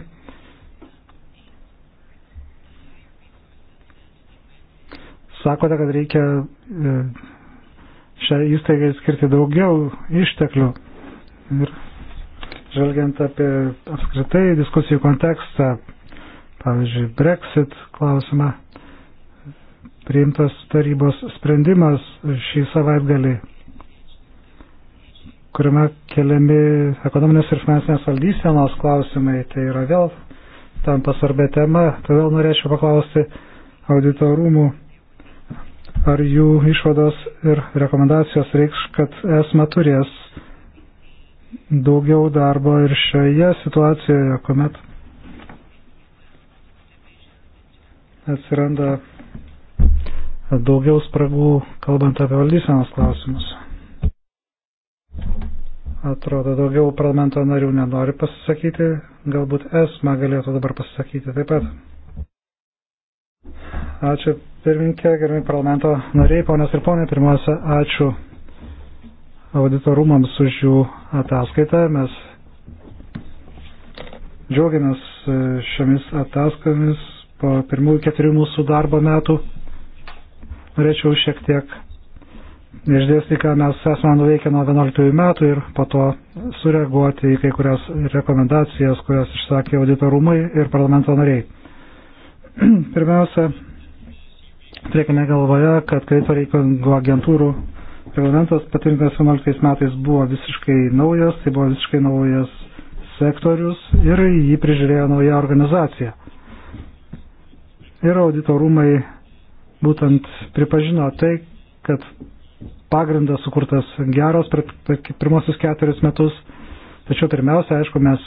sakote, kad reikia e, šią įstaigą skirti daugiau išteklių? Ir žvelgiant apie apskritai diskusijų kontekstą, pavyzdžiui, Brexit klausimą priimtas tarybos sprendimas šį savaitgalį, kuriame keliami ekonominės ir finansinės valdysenos klausimai. Tai yra vėl tam pasvarbė tema. Todėl norėčiau paklausti auditorumų, ar jų išvados ir rekomendacijos reikš, kad esma turės daugiau darbo ir šioje situacijoje, kuomet atsiranda daugiau spragų, kalbant apie valdysenos klausimus. Atrodo, daugiau parlamento narių nenori pasisakyti, galbūt esma galėtų dabar pasisakyti taip pat. Ačiū pirminkė, gerbimi parlamento nariai, ponės ir ponai, pirmiausia, ačiū auditorumams už jų ataskaitą. Mes džiaugiamės e, šiomis ataskomis po pirmųjų keturių mūsų darbo metų norėčiau šiek tiek išdėsti, ką mes esame nuveikę nuo 11 metų ir po to sureaguoti į kai kurias rekomendacijas, kurias išsakė auditorumai ir parlamento nariai. Pirmiausia, turėkime galvoje, kad kredito reikalų agentūrų reglamentas patvirtintas 11 metais buvo visiškai naujas, tai buvo visiškai naujas sektorius ir jį prižiūrėjo nauja organizacija. Ir auditorumai būtent pripažino tai, kad pagrindas sukurtas geros per pirmosius keturis metus, tačiau pirmiausia, aišku, mes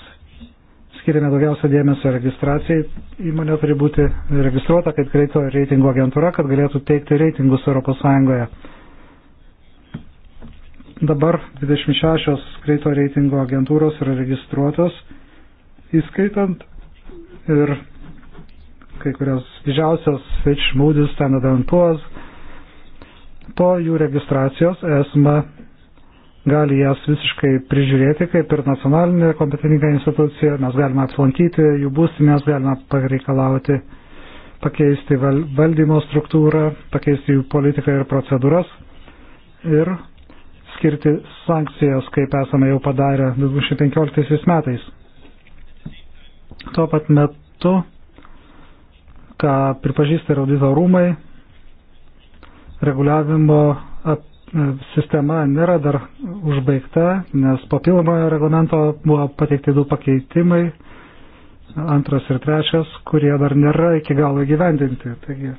skiriame daugiausia dėmesio registracijai. Įmonė turi būti registruota kaip kredito reitingo agentūra, kad galėtų teikti reitingus ES. Dabar 26 kredito reitingo agentūros yra registruotos, įskaitant ir kai kurios didžiausios Fitch, Moody's, Standard Poor's. Po jų registracijos ESMA gali jas visiškai prižiūrėti, kaip ir nacionalinė kompetentinga institucija. Mes galime aplankyti jų būstinės, galime pareikalauti pakeisti valdymo struktūrą, pakeisti jų politiką ir procedūras ir skirti sankcijas, kaip esame jau padarę 2015 metais. Tuo pat metu ką pripažįsta ir audito rūmai, reguliavimo sistema nėra dar užbaigta, nes papildomojo reglamento buvo pateikti du pakeitimai, antras ir trečias, kurie dar nėra iki galo gyvendinti. Taigi,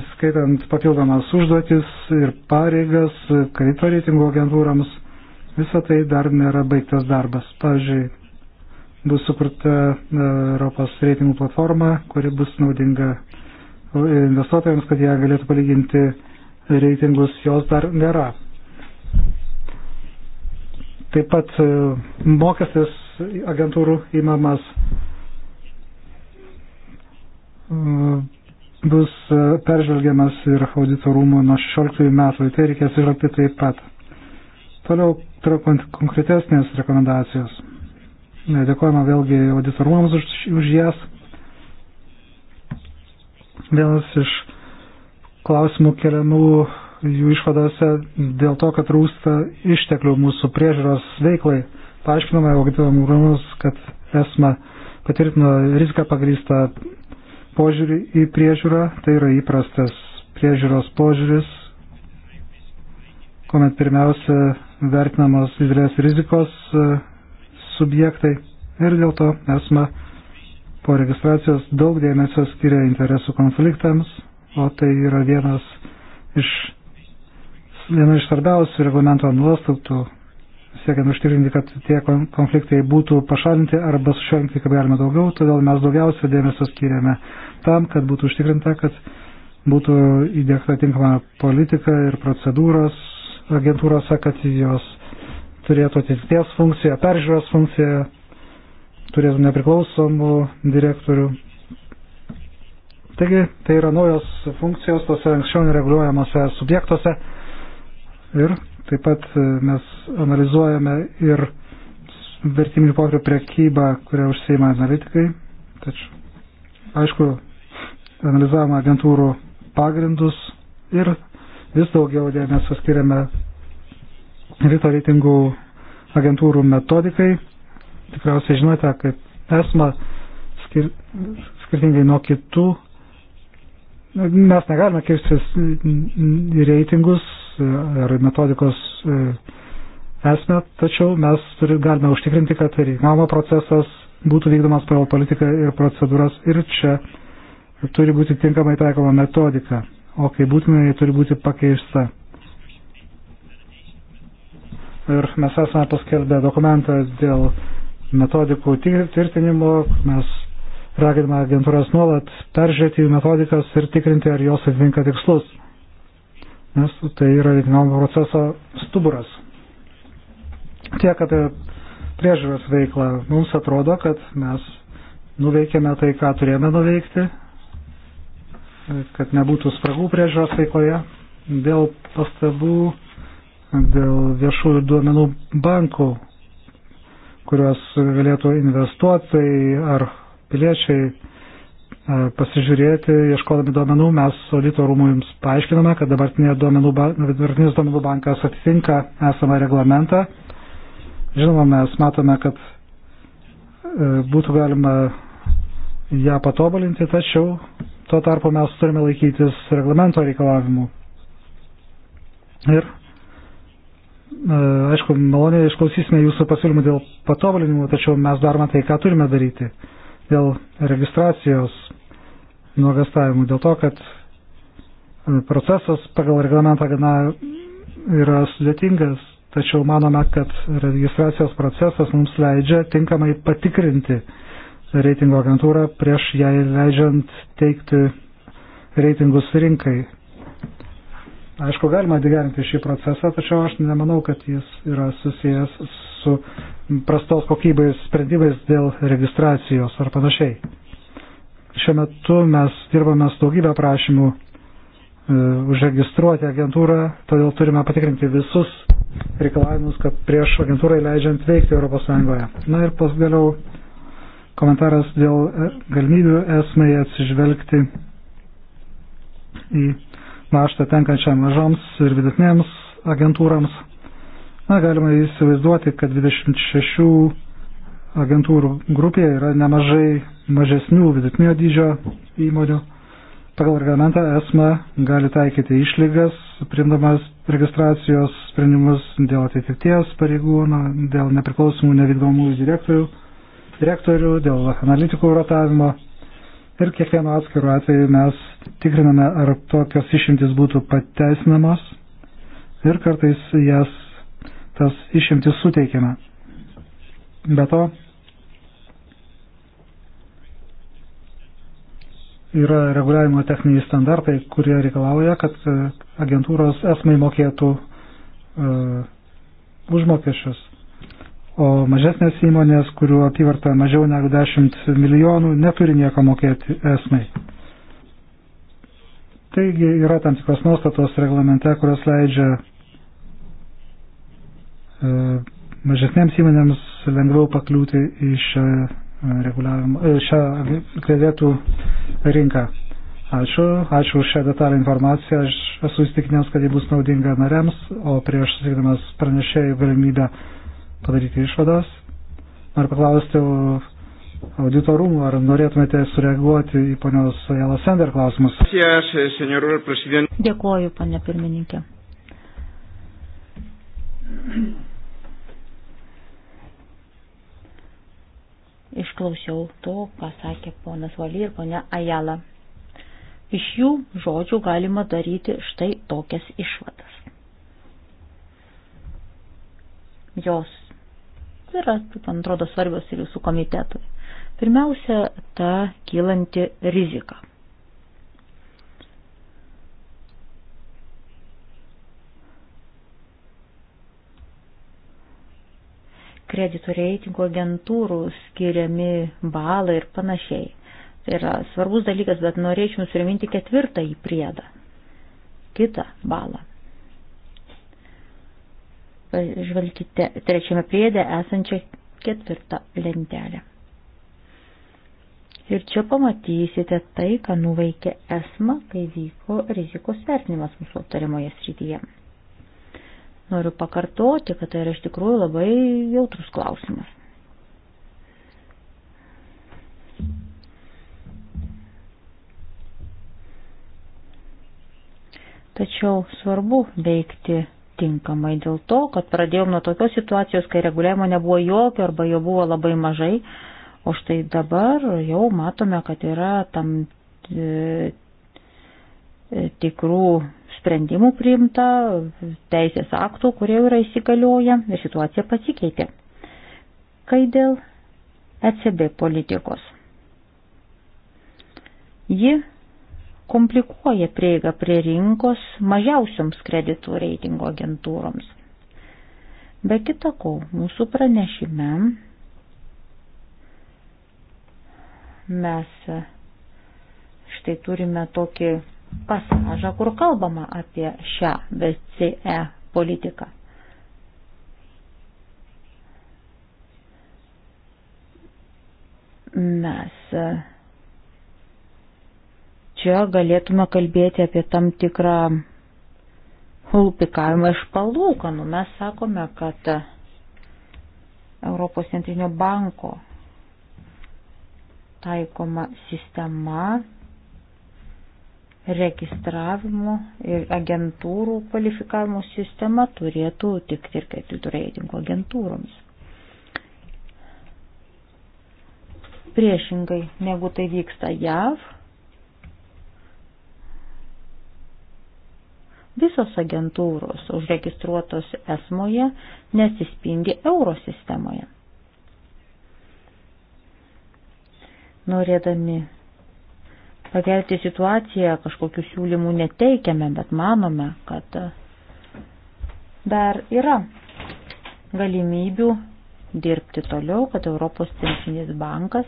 įskaitant papildomas užduotis ir pareigas kredito reitingo agentūrams, visa tai dar nėra baigtas darbas. Pavyzdžiui, bus sukurta e, Europos reitingų platforma, kuri bus naudinga e, investuotojams, kad jie galėtų palyginti reitingus, jos dar nėra. Taip pat e, mokestis agentūrų įmamas bus peržvelgiamas ir auditorumų nuo 16 metų, tai reikės išrakti taip pat. Toliau konkretesnės rekomendacijos. Dėkojame vėlgi auditorumams už, už jas. Vienas iš klausimų keliamų jų išvadose dėl to, kad rūsta išteklių mūsų priežiūros veiklai. Paaiškinome auditorumams, kad esma patvirtino riziką pagrįstą požiūrį į priežiūrą. Tai yra įprastas priežiūros požiūris, kuomet pirmiausia vertinamos didelės rizikos subjektai ir dėl to esma po registracijos daug dėmesio skiria interesų konfliktams, o tai yra vienas iš, viena iš svarbiausių reglamento nuostatų, siekiant užtikrinti, kad tie konfliktai būtų pašalinti arba sušvelninti, kaip galima daugiau, todėl mes daugiausia dėmesio skiriame tam, kad būtų užtikrinta, kad būtų įdėkta tinkama politika ir procedūros agentūrose, kad jos turėtų atitikties funkciją, peržiūros funkciją, turėtų nepriklausomų direktorių. Taigi tai yra naujos funkcijos tose anksčiau nereguliuojamose subjektuose ir taip pat e, mes analizuojame ir vertiminių popierių prekybą, kurią užsieima analitikai. Tačiau, aišku, analizavome agentūrų pagrindus ir vis daugiau dėmesio skiriame kredito reitingų agentūrų metodikai. Tikriausiai žinote, kaip esma skir skirtingai nuo kitų. Mes negalime kirstis į reitingus ar metodikos e, esmę, tačiau mes turi, galime užtikrinti, kad reitingavimo procesas būtų vykdomas pagal politiką ir procedūras ir čia turi būti tinkamai taikoma metodika, o kai būtinai turi būti pakeista ir mes esame paskelbę dokumentą dėl metodikų tvirtinimo. Mes raginame agentūras nuolat peržiūrėti jų metodikas ir tikrinti, ar jos atitinka tikslus, nes tai yra vykdymo proceso stuburas. Tiek apie priežiūros veiklą. Mums atrodo, kad mes nuveikėme tai, ką turėjome nuveikti, kad nebūtų spragų priežiūros veikloje. Dėl pastabų dėl viešųjų duomenų bankų, kuriuos galėtų investuotojai ar piliečiai e, pasižiūrėti, ieškodami duomenų, mes audito rūmų jums paaiškiname, kad dabartinės duomenų, dabartinės duomenų bankas atitinka esamą reglamentą. Žinoma, mes matome, kad e, būtų galima ją patobulinti, tačiau tuo tarpu mes turime laikytis reglamento reikalavimų. Ir aišku, maloniai išklausysime jūsų pasiūlymų dėl patobulinimų, tačiau mes darome tai, ką turime daryti dėl registracijos nuogastavimų, dėl to, kad e, procesas pagal reglamentą gana yra sudėtingas, tačiau manome, kad registracijos procesas mums leidžia tinkamai patikrinti reitingo agentūrą prieš jai leidžiant teikti reitingus rinkai Aišku, galima gerinti šį procesą, tačiau aš nemanau, kad jis yra susijęs su prastos kokybės sprendimais dėl registracijos ar panašiai. Šiuo metu mes dirbame su daugybė prašymų e, užregistruoti agentūrą, todėl turime patikrinti visus reikalavimus, kad prieš agentūrai leidžiant veikti ES. Na ir pasgaliau komentaras dėl e, galimybių esmai atsižvelgti į naštą tenkančią mažoms ir vidutinėms agentūrams. Na, galima įsivaizduoti, kad 26 agentūrų grupėje yra nemažai mažesnių vidutinio dydžio įmonių. Pagal reglamentą ESMA gali taikyti išlygas, priimdamas registracijos sprendimus dėl atitikties pareigūno, dėl nepriklausomų nevykdomųjų direktorių, direktorių, dėl analitikų rotavimo. Ir kiekvienu atskiru atveju mes tikriname, ar tokios išimtis būtų pateisinamos ir kartais jas tas išimtis suteikiame. Be to, yra reguliavimo techniniai standartai, kurie reikalauja, kad e, agentūros esmai mokėtų uh, e, užmokesčius o mažesnės įmonės, kurių apyvarta mažiau negu 10 milijonų, neturi nieko mokėti esmai. Taigi yra tam tikros nuostatos reglamente, kurios leidžia e, mažesnėms įmonėms lengviau pakliūti į šią, e, e, šią kredėtų rinką. Ačiū, ačiū už šią detalę informaciją. Aš esu įstikinęs, kad ji bus naudinga nariams, o prieš susitikdamas pranešėjų galimybę padaryti išvados. Noriu paklausti audito rūmų, ar norėtumėte sureaguoti į ponios Jela Sender klausimus. Eh, Dėkuoju, ponė pirmininkė. Išklausiau to, ką sakė ponas Valy ir ponia Ajala. Iš jų žodžių galima daryti štai tokias išvadas. Jos yra, man atrodo, svarbios ir jūsų komitetui. Pirmiausia, ta kylanti rizika. Kreditų reitingų agentūrų skiriami balai ir panašiai. Tai yra svarbus dalykas, bet norėčiau jums priminti ketvirtąjį priedą. Kitą balą. Pažvelkite trečiame priedė esančią ketvirtą lentelę. Ir čia pamatysite tai, ką nuveikė esma, kai vyko rizikos vertinimas mūsų aptariamoje srityje. Noriu pakartoti, kad tai yra iš tikrųjų labai jautrus klausimas. Tačiau svarbu veikti tinkamai dėl to, kad pradėjom nuo tokios situacijos, kai reguliavimo nebuvo jokio arba jo buvo labai mažai, o štai dabar jau matome, kad yra tam e, e tikrų sprendimų priimta, teisės aktų, kurie yra įsigalioję ir situacija pasikeitė. Kai dėl ECB politikos. Ji komplikuoja prieigą prie rinkos mažiausioms kreditų reitingo agentūroms. Be kita ko, mūsų pranešime mes e, štai turime tokį pasažą, kur kalbama apie šią BCE politiką. Mes e, čia galėtume kalbėti apie tam tikrą lūpikavimą iš palūkanų. Mes sakome, kad Europos centrinio banko taikoma sistema registravimo ir agentūrų kvalifikavimo sistema turėtų tikti ir kreditų reitingo agentūroms. Priešingai, negu tai vyksta JAV, Visos agentūros užregistruotos esmoje nesispindi eurosistemoje. Norėdami pakelti situaciją, kažkokių siūlymų neteikiame, bet manome, kad dar yra galimybių dirbti toliau, kad Europos centrinis bankas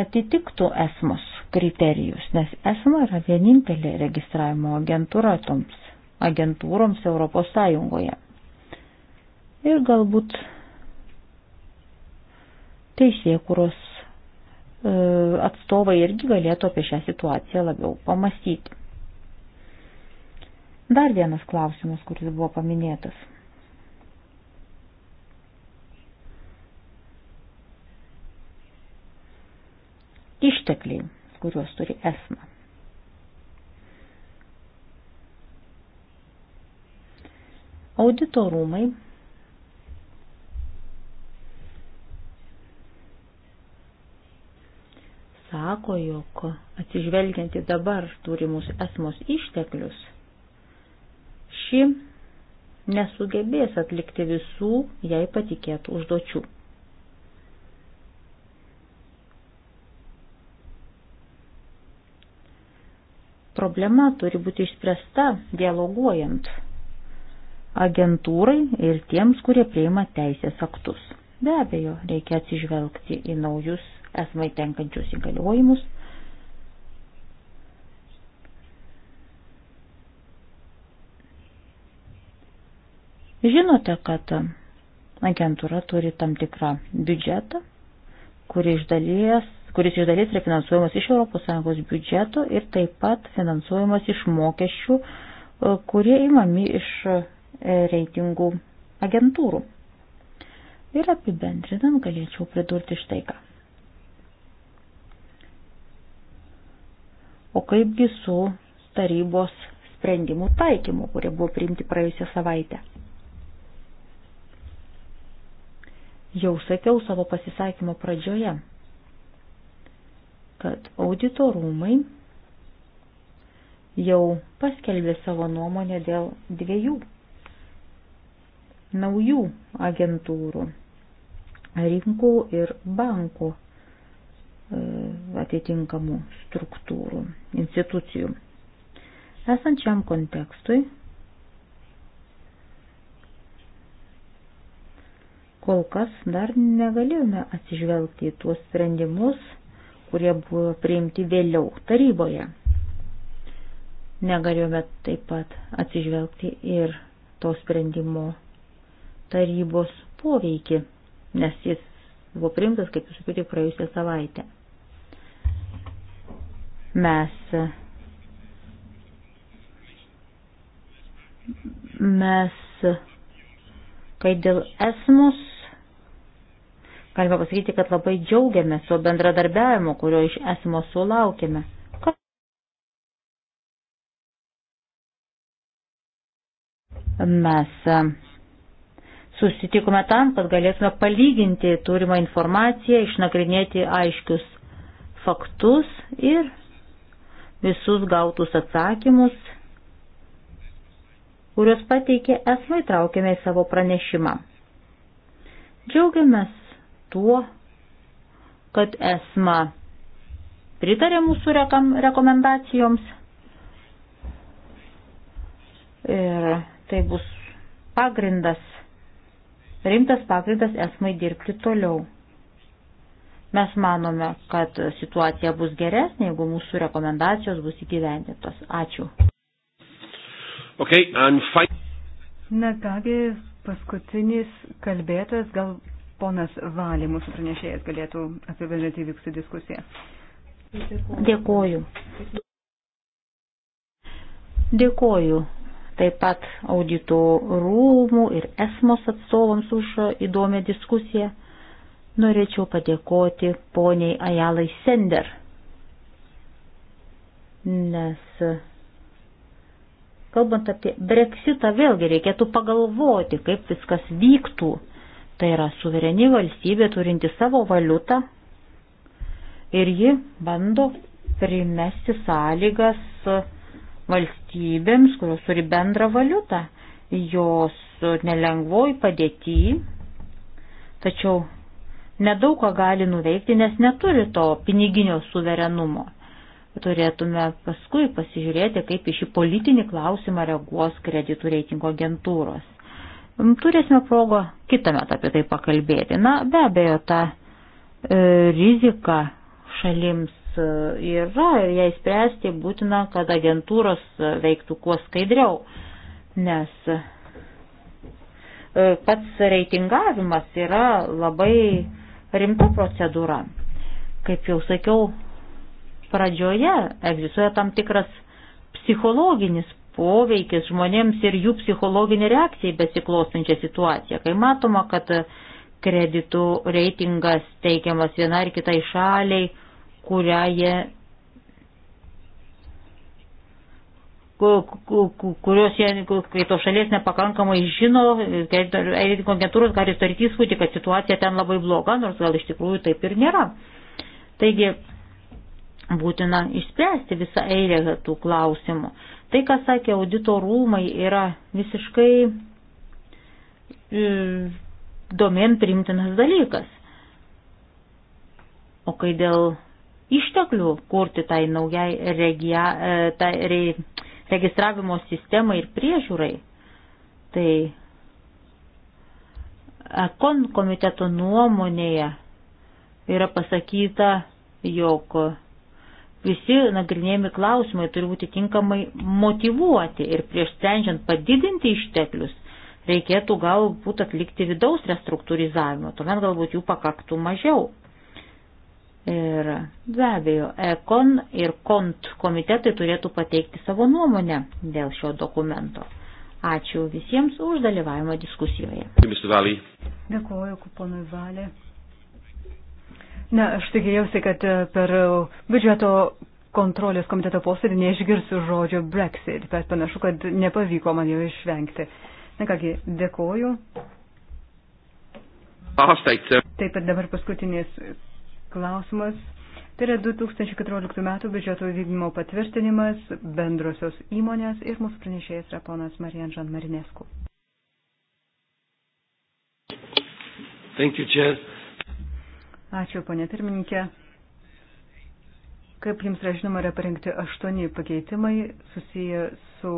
atitiktų esmus kriterijus, nes esama yra vienintelė registravimo agentūra toms agentūroms Europos Sąjungoje. Ir galbūt teisėkuros e, atstovai irgi galėtų apie šią situaciją labiau pamastyti. Dar vienas klausimas, kuris buvo paminėtas. Ištekliai kuriuos turi esma. Auditorumai sako, jog atsižvelgianti dabar turimus esmos išteklius, ši nesugebės atlikti visų jai patikėtų užduočių. problema turi būti išspręsta dialoguojant agentūrai ir tiems, kurie priima teisės aktus. Be abejo, reikia atsižvelgti į naujus esmai tenkančius įgaliojimus. Žinote, kad agentūra turi tam tikrą biudžetą, kuri iš dalies kuris iš dalies yra finansuojamas iš ES biudžeto ir taip pat finansuojamas iš mokesčių, e, kurie imami iš e, reitingų agentūrų. Ir apibendrinant galėčiau pridurti štai ką. O kaipgi su tarybos sprendimų taikymu, kurie buvo priimti praėjusią savaitę? Jau sakiau savo pasisakymo pradžioje, kad audito rūmai jau paskelbė savo nuomonę dėl dviejų naujų agentūrų - rinkų ir bankų e, atitinkamų struktūrų, institucijų. Esant šiam kontekstui, kol kas dar negalėjome atsižvelgti į tuos sprendimus, kurie buvo priimti vėliau taryboje. Negalėjome taip pat atsižvelgti ir to sprendimo tarybos poveikį, nes jis buvo priimtas, kaip jūs sakėte, praėjusią savaitę. Mes mes, kai dėl esmos Galime pasakyti, kad labai džiaugiamės su bendradarbiavimu, kurio iš esmo sulaukime. Mes susitikome tam, kad galėtume palyginti turimą informaciją, išnagrinėti aiškius faktus ir visus gautus atsakymus, kuriuos pateikė esmai traukėme į savo pranešimą. Džiaugiamės tuo, kad esma pritarė mūsų rekomendacijoms ir tai bus pagrindas, rimtas pagrindas esmai dirbti toliau. Mes manome, kad situacija bus geresnė, jeigu mūsų rekomendacijos bus įgyvendintos. Ačiū. Okay, Na kągi, paskutinis kalbėtas, gal ponas Valė, mūsų pranešėjas, galėtų apibendrinti vykusią diskusiją. Dėkoju. Dėkoju taip pat audito rūmų ir esmos atstovams už įdomią diskusiją. Norėčiau padėkoti poniai Ajalai Sender, nes kalbant apie breksitą, vėlgi reikėtų pagalvoti, kaip viskas vyktų Tai yra suvereni valstybė turinti savo valiutą ir ji bando primesti sąlygas valstybėms, kurios turi bendrą valiutą, jos nelengvoj padėtyj, tačiau nedaug ką gali nuveikti, nes neturi to piniginio suverenumo. Turėtume paskui pasižiūrėti, kaip į šį politinį klausimą reaguos kreditų reitingo agentūros. Mm, Turėsime progą kitą metą apie tai pakalbėti. Na, be abejo, ta e, rizika šalims e, yra ir jai spręsti būtina, kad agentūros e, veiktų kuo skaidriau, nes e, pats reitingavimas yra labai rimta procedūra. Kaip jau sakiau, pradžioje egzistuoja tam tikras psichologinis poveikis žmonėms ir jų psichologinė reakcija į besiklostančią situaciją, kai matoma, kad kreditų reitingas teikiamas viena ar kitai šaliai, kurią jie kurios jie, kai to šalies nepakankamai žino, reitingo agentūros gali turėti įspūdį, kad situacija ten labai bloga, nors gal iš tikrųjų taip ir nėra. Taigi būtina išspręsti visą eilę tų klausimų. Tai, ką sakė audito rūmai, yra visiškai e, domen primtinas dalykas. O kai dėl išteklių kurti tai naujai regia, e, tai re, registravimo sistemai ir priežiūrai, tai kon komiteto nuomonėje yra pasakyta, jog visi nagrinėjami klausimai turi būti tinkamai motivuoti ir prieš sprendžiant padidinti išteklius reikėtų galbūt atlikti vidaus restruktūrizavimą, tuomet galbūt jų pakaktų mažiau. Ir be abejo, ECON ir KONT komitetai turėtų pateikti savo nuomonę dėl šio dokumento. Ačiū visiems už dalyvavimą diskusijoje. Dėkuoju, kuponui Valė. Na, aš tikėjausi, kad e, per e, biudžeto kontrolės komiteto posėdį neišgirsiu žodžio Brexit, bet panašu, kad nepavyko man jo išvengti. Na kągi, dėkoju. Taip pat dabar paskutinis klausimas. Tai yra 2014 metų biudžeto vykdymo patvirtinimas, bendrosios įmonės ir mūsų pranešėjas yra ponas Marijan Žan Marinesku. Thank you, Chair. Ačiū, ponė pirmininkė. Kaip jums yra žinoma, yra parengti aštuoni pakeitimai susiję su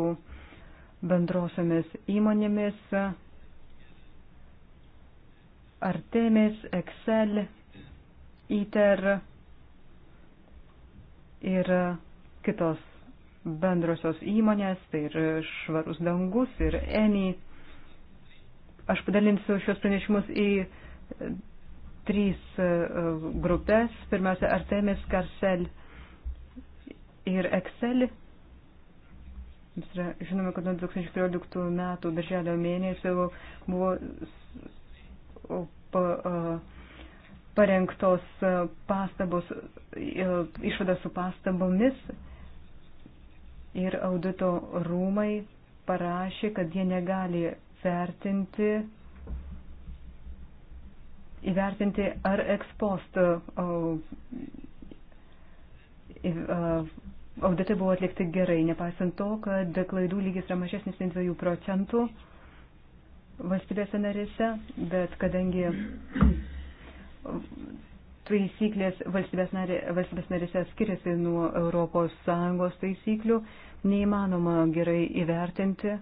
bendrosiomis įmonėmis, Artemis, Excel, ITER ir kitos bendrosios įmonės, tai ir švarus dangus, ir ENI. Aš padalinsiu šios pranešimus į tris e, e, grupės. Pirmiausia, Artemis, Karsel ir Excel. Mes žinome, kad nuo 2014 metų birželio mėnesio buvo e, parengtos pastabos, išvada su pastabomis ir audito rūmai parašė, kad jie negali vertinti įvertinti, ar ekspost uh, uh, auditai buvo atlikti gerai, nepaisant to, kad klaidų lygis yra mažesnis nei 2 procentų valstybėse narėse, bet kadangi taisyklės valstybės, narė, valstybės narėse skiriasi nuo ES taisyklių, neįmanoma gerai įvertinti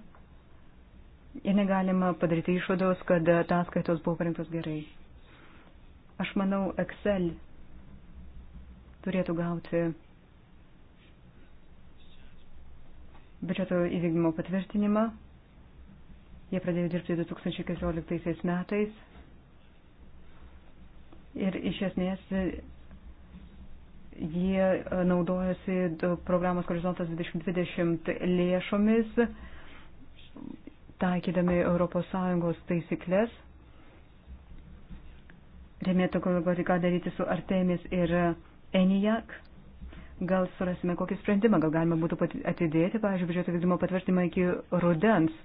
ir negalima padaryti išvados, kad ataskaitos buvo parinktos gerai. Aš manau, Excel turėtų gauti biudžeto įvykdymo patvirtinimą. Jie pradėjo dirbti 2014 metais. Ir iš esmės jie e, naudojasi programos Horizontas 2020 lėšomis, taikydami ES taisyklės remėtų galvoti, ką daryti su Artemis ir Enijak. Gal surasime kokį sprendimą, gal galima būtų atidėti, pavyzdžiui, biudžeto vykdymo patvirtinimą iki rudens.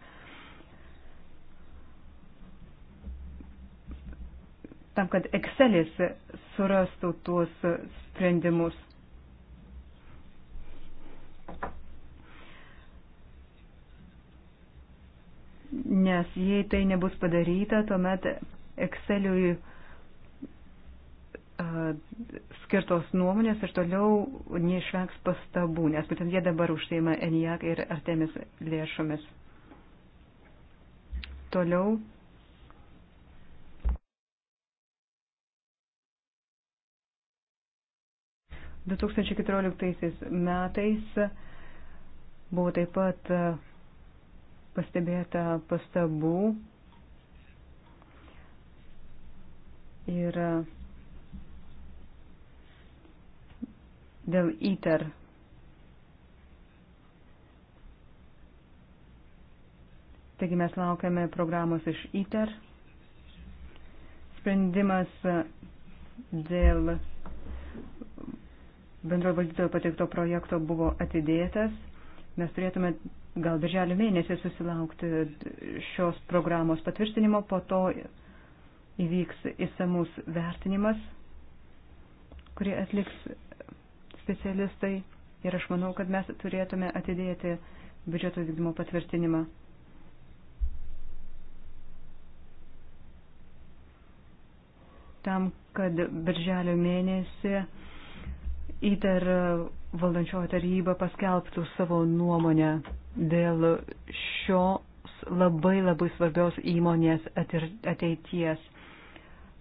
Tam, kad Excelis surastų tuos sprendimus. Nes jei tai nebus padaryta, tuomet Exceliui skirtos nuomonės ir toliau neišvengs pastabų, nes būtent jie dabar užsieima ENIAC ir Artemis lėšomis. Toliau. Du 2014 metais buvo taip pat pastebėta pastabų ir uh, dėl įter. Taigi mes laukiame programos iš ITER. Sprendimas dėl bendrojo valdytojo pateikto projekto buvo atidėtas. Mes turėtume gal birželio mėnesį susilaukti šios programos patvirtinimo, po to įvyks įsamus vertinimas, kurį atliks specialistai ir aš manau, kad mes turėtume atidėti biudžeto vykdymo patvirtinimą. Tam, kad birželio mėnesį įter valdančiojo taryba paskelbtų savo nuomonę dėl šios labai labai svarbios įmonės ateities.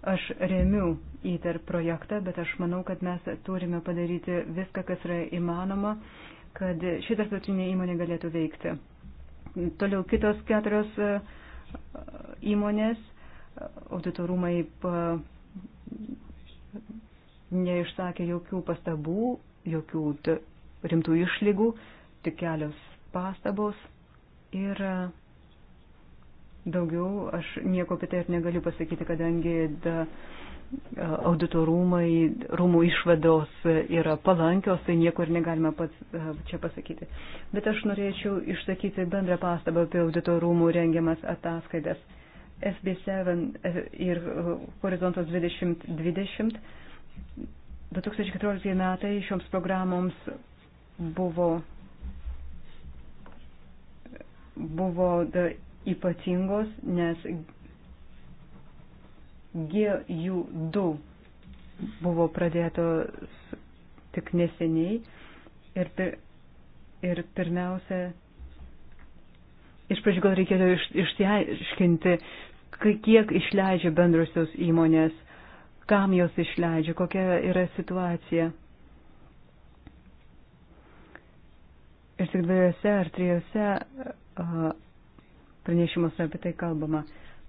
Aš remiu įter projektą, bet aš manau, kad mes turime padaryti viską, kas yra įmanoma, kad ši tarptautinė įmonė galėtų veikti. Toliau kitos keturios e, įmonės, auditorumai neišsakė jokių pastabų, jokių rimtų išlygų, tik kelios pastabos ir Daugiau aš nieko apie tai ir negaliu pasakyti, kadangi da, auditorumai, rūmų išvados e, yra palankios, tai nieko ir negalime pats e, čia pasakyti. Bet aš norėčiau išsakyti bendrą pastabą apie auditorumų rengiamas ataskaitas. SB7 e, ir Horizontas 2020 2014 metai šioms programoms buvo, buvo da, ypatingos, nes GU2 buvo pradėtos tik neseniai ir, pir, ir pirmiausia, iš pradžių gal reikėtų iš, išsiaiškinti, kiek išleidžia bendrusios įmonės, kam jos išleidžia, kokia yra situacija. Ir tik dviejose ar trijose pranešimuose apie tai kalbama.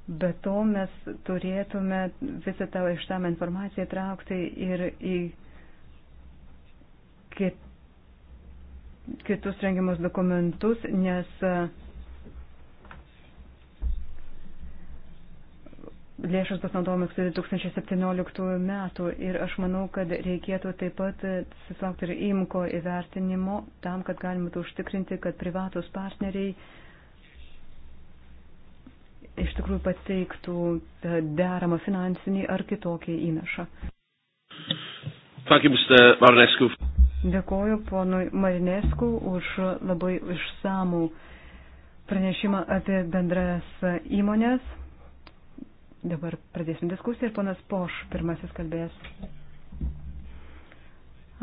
Be to mes turėtume visą tą ištamą informaciją traukti ir į kit, kitus rengiamus dokumentus, nes e, lėšos bus naudojamas 2017 metų ir aš manau, kad reikėtų taip pat susilaukti ir imko įvertinimo tam, kad galima užtikrinti, kad privatus partneriai iš tikrųjų pateiktų e, deramą finansinį ar kitokį įnašą. Dėkoju ponui Marinesku už labai išsamų pranešimą apie bendras įmonės. Dabar pradėsim diskusiją ir ponas Poš pirmasis kalbės.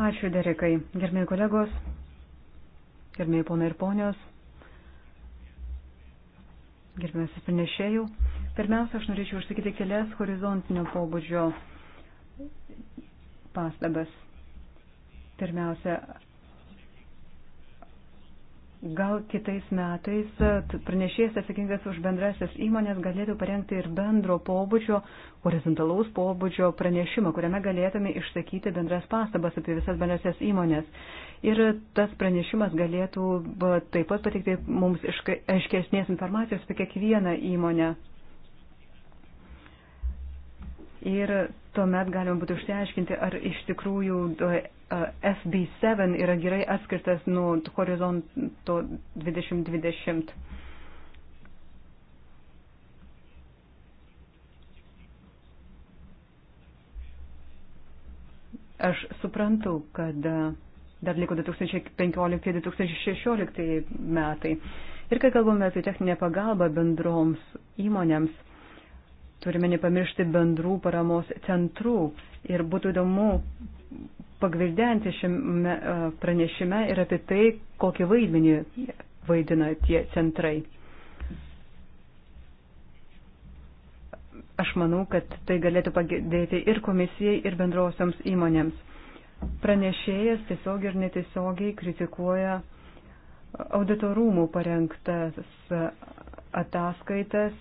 Ačiū, Derekai. Gerbėjai kolegos, gerbėjai ponai ir ponios gerbiamasis pranešėjų. Pirmiausia, aš norėčiau užsakyti kelias horizontinio pobūdžio pastabas. Pirmiausia, Gal kitais metais e, pranešėjas atsakingas už bendrasias įmonės galėtų parengti ir bendro pobūdžio, horizontalaus pobūdžio pranešimą, kuriame galėtume išsakyti bendras pastabas apie visas bendrasias įmonės. Ir tas pranešimas galėtų taip pat pateikti mums aiškesnės informacijos apie kiekvieną įmonę. Ir tuomet galima būtų išsiaiškinti, ar iš tikrųjų e, FB7 yra gerai atskirtas nuo horizonto 2020. Aš suprantu, kad dar liko 2015-2016 metai. Ir kai kalbame apie techninę pagalbą bendroms įmonėms, turime nepamiršti bendrų paramos centrų. Ir būtų įdomu pagvildenti šiame e, pranešime ir apie tai, kokį vaidmenį vaidina tie centrai. Aš manau, kad tai galėtų padėti ir komisijai, ir bendrosioms įmonėms. Pranešėjas tiesiog ir netiesiogiai kritikuoja auditorumų parengtas ataskaitas,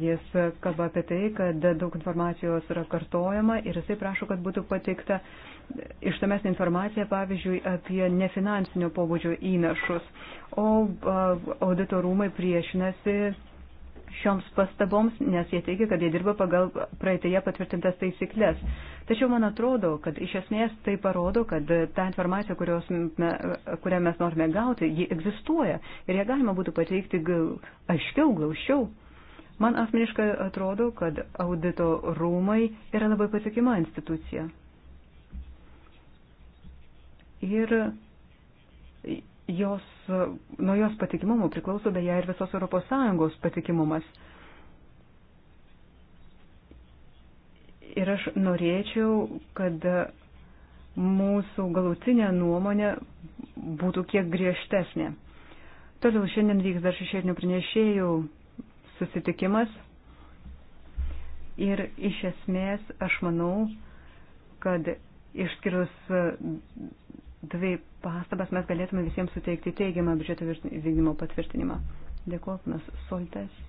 jis kalba apie tai, kad daug informacijos yra kartojama ir jisai prašo, kad būtų pateikta ištamesnė informacija, pavyzdžiui, apie nefinansinio pobūdžio įnašus. O auditorumai priešinasi šioms pastaboms, nes jie teigia, kad jie dirba pagal praeitėje patvirtintas taisyklės. Tačiau man atrodo, kad iš esmės tai parodo, kad ta informacija, kurios, kurią mes norime gauti, ji egzistuoja ir ją galima būtų pateikti aiškiau, glaušiau. Man asmeniškai atrodo, kad audito rūmai yra labai patikima institucija. Ir jos, nuo jos patikimumo priklauso beje ir visos ES patikimumas. Ir aš norėčiau, kad mūsų galutinė nuomonė būtų kiek griežtesnė. Toliau šiandien vyks dar šešėlinių pranešėjų susitikimas. Ir iš esmės aš manau, kad išskyrus dvi pastabas mes galėtume visiems suteikti teigiamą biudžeto vykdymo patvirtinimą. Dėkuoju, panas Soltas.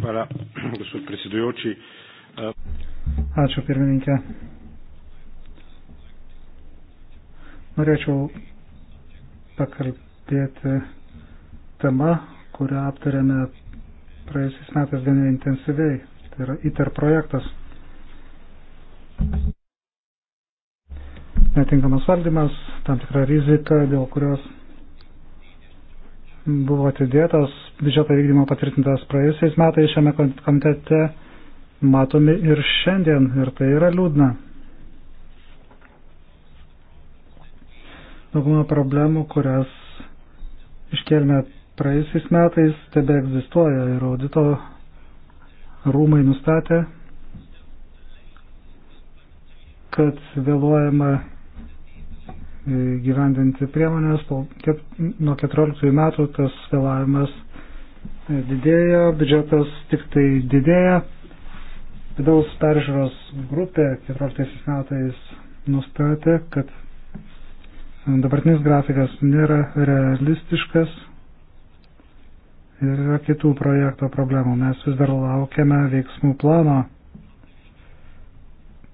Hvala, gospod predsedujoči. Ačiū, pirmininkė. Norėčiau pakalbėti tema, kurią aptarėme praėjusiais metais gana intensyviai. Tai yra ITER projektas netinkamas valdymas, tam tikra rizika, dėl kurios buvo atidėtas biudžeto vykdymo patvirtintas praėjusiais metais šiame komitete, matomi ir šiandien, ir tai yra liūdna. Dauguma problemų, kurias iškelme praėjusiais metais, tebe egzistuoja ir audito rūmai nustatė, kad vėluojama gyvendinti priemonės. Po, ket, nuo 14 metų tas vėlavimas e, didėjo, biudžetas tik tai didėja. Vidaus peržiūros grupė 14 metais nustatė, kad e, dabartinis grafikas nėra realistiškas ir yra kitų projekto problemų. Mes vis dar laukiame veiksmų plano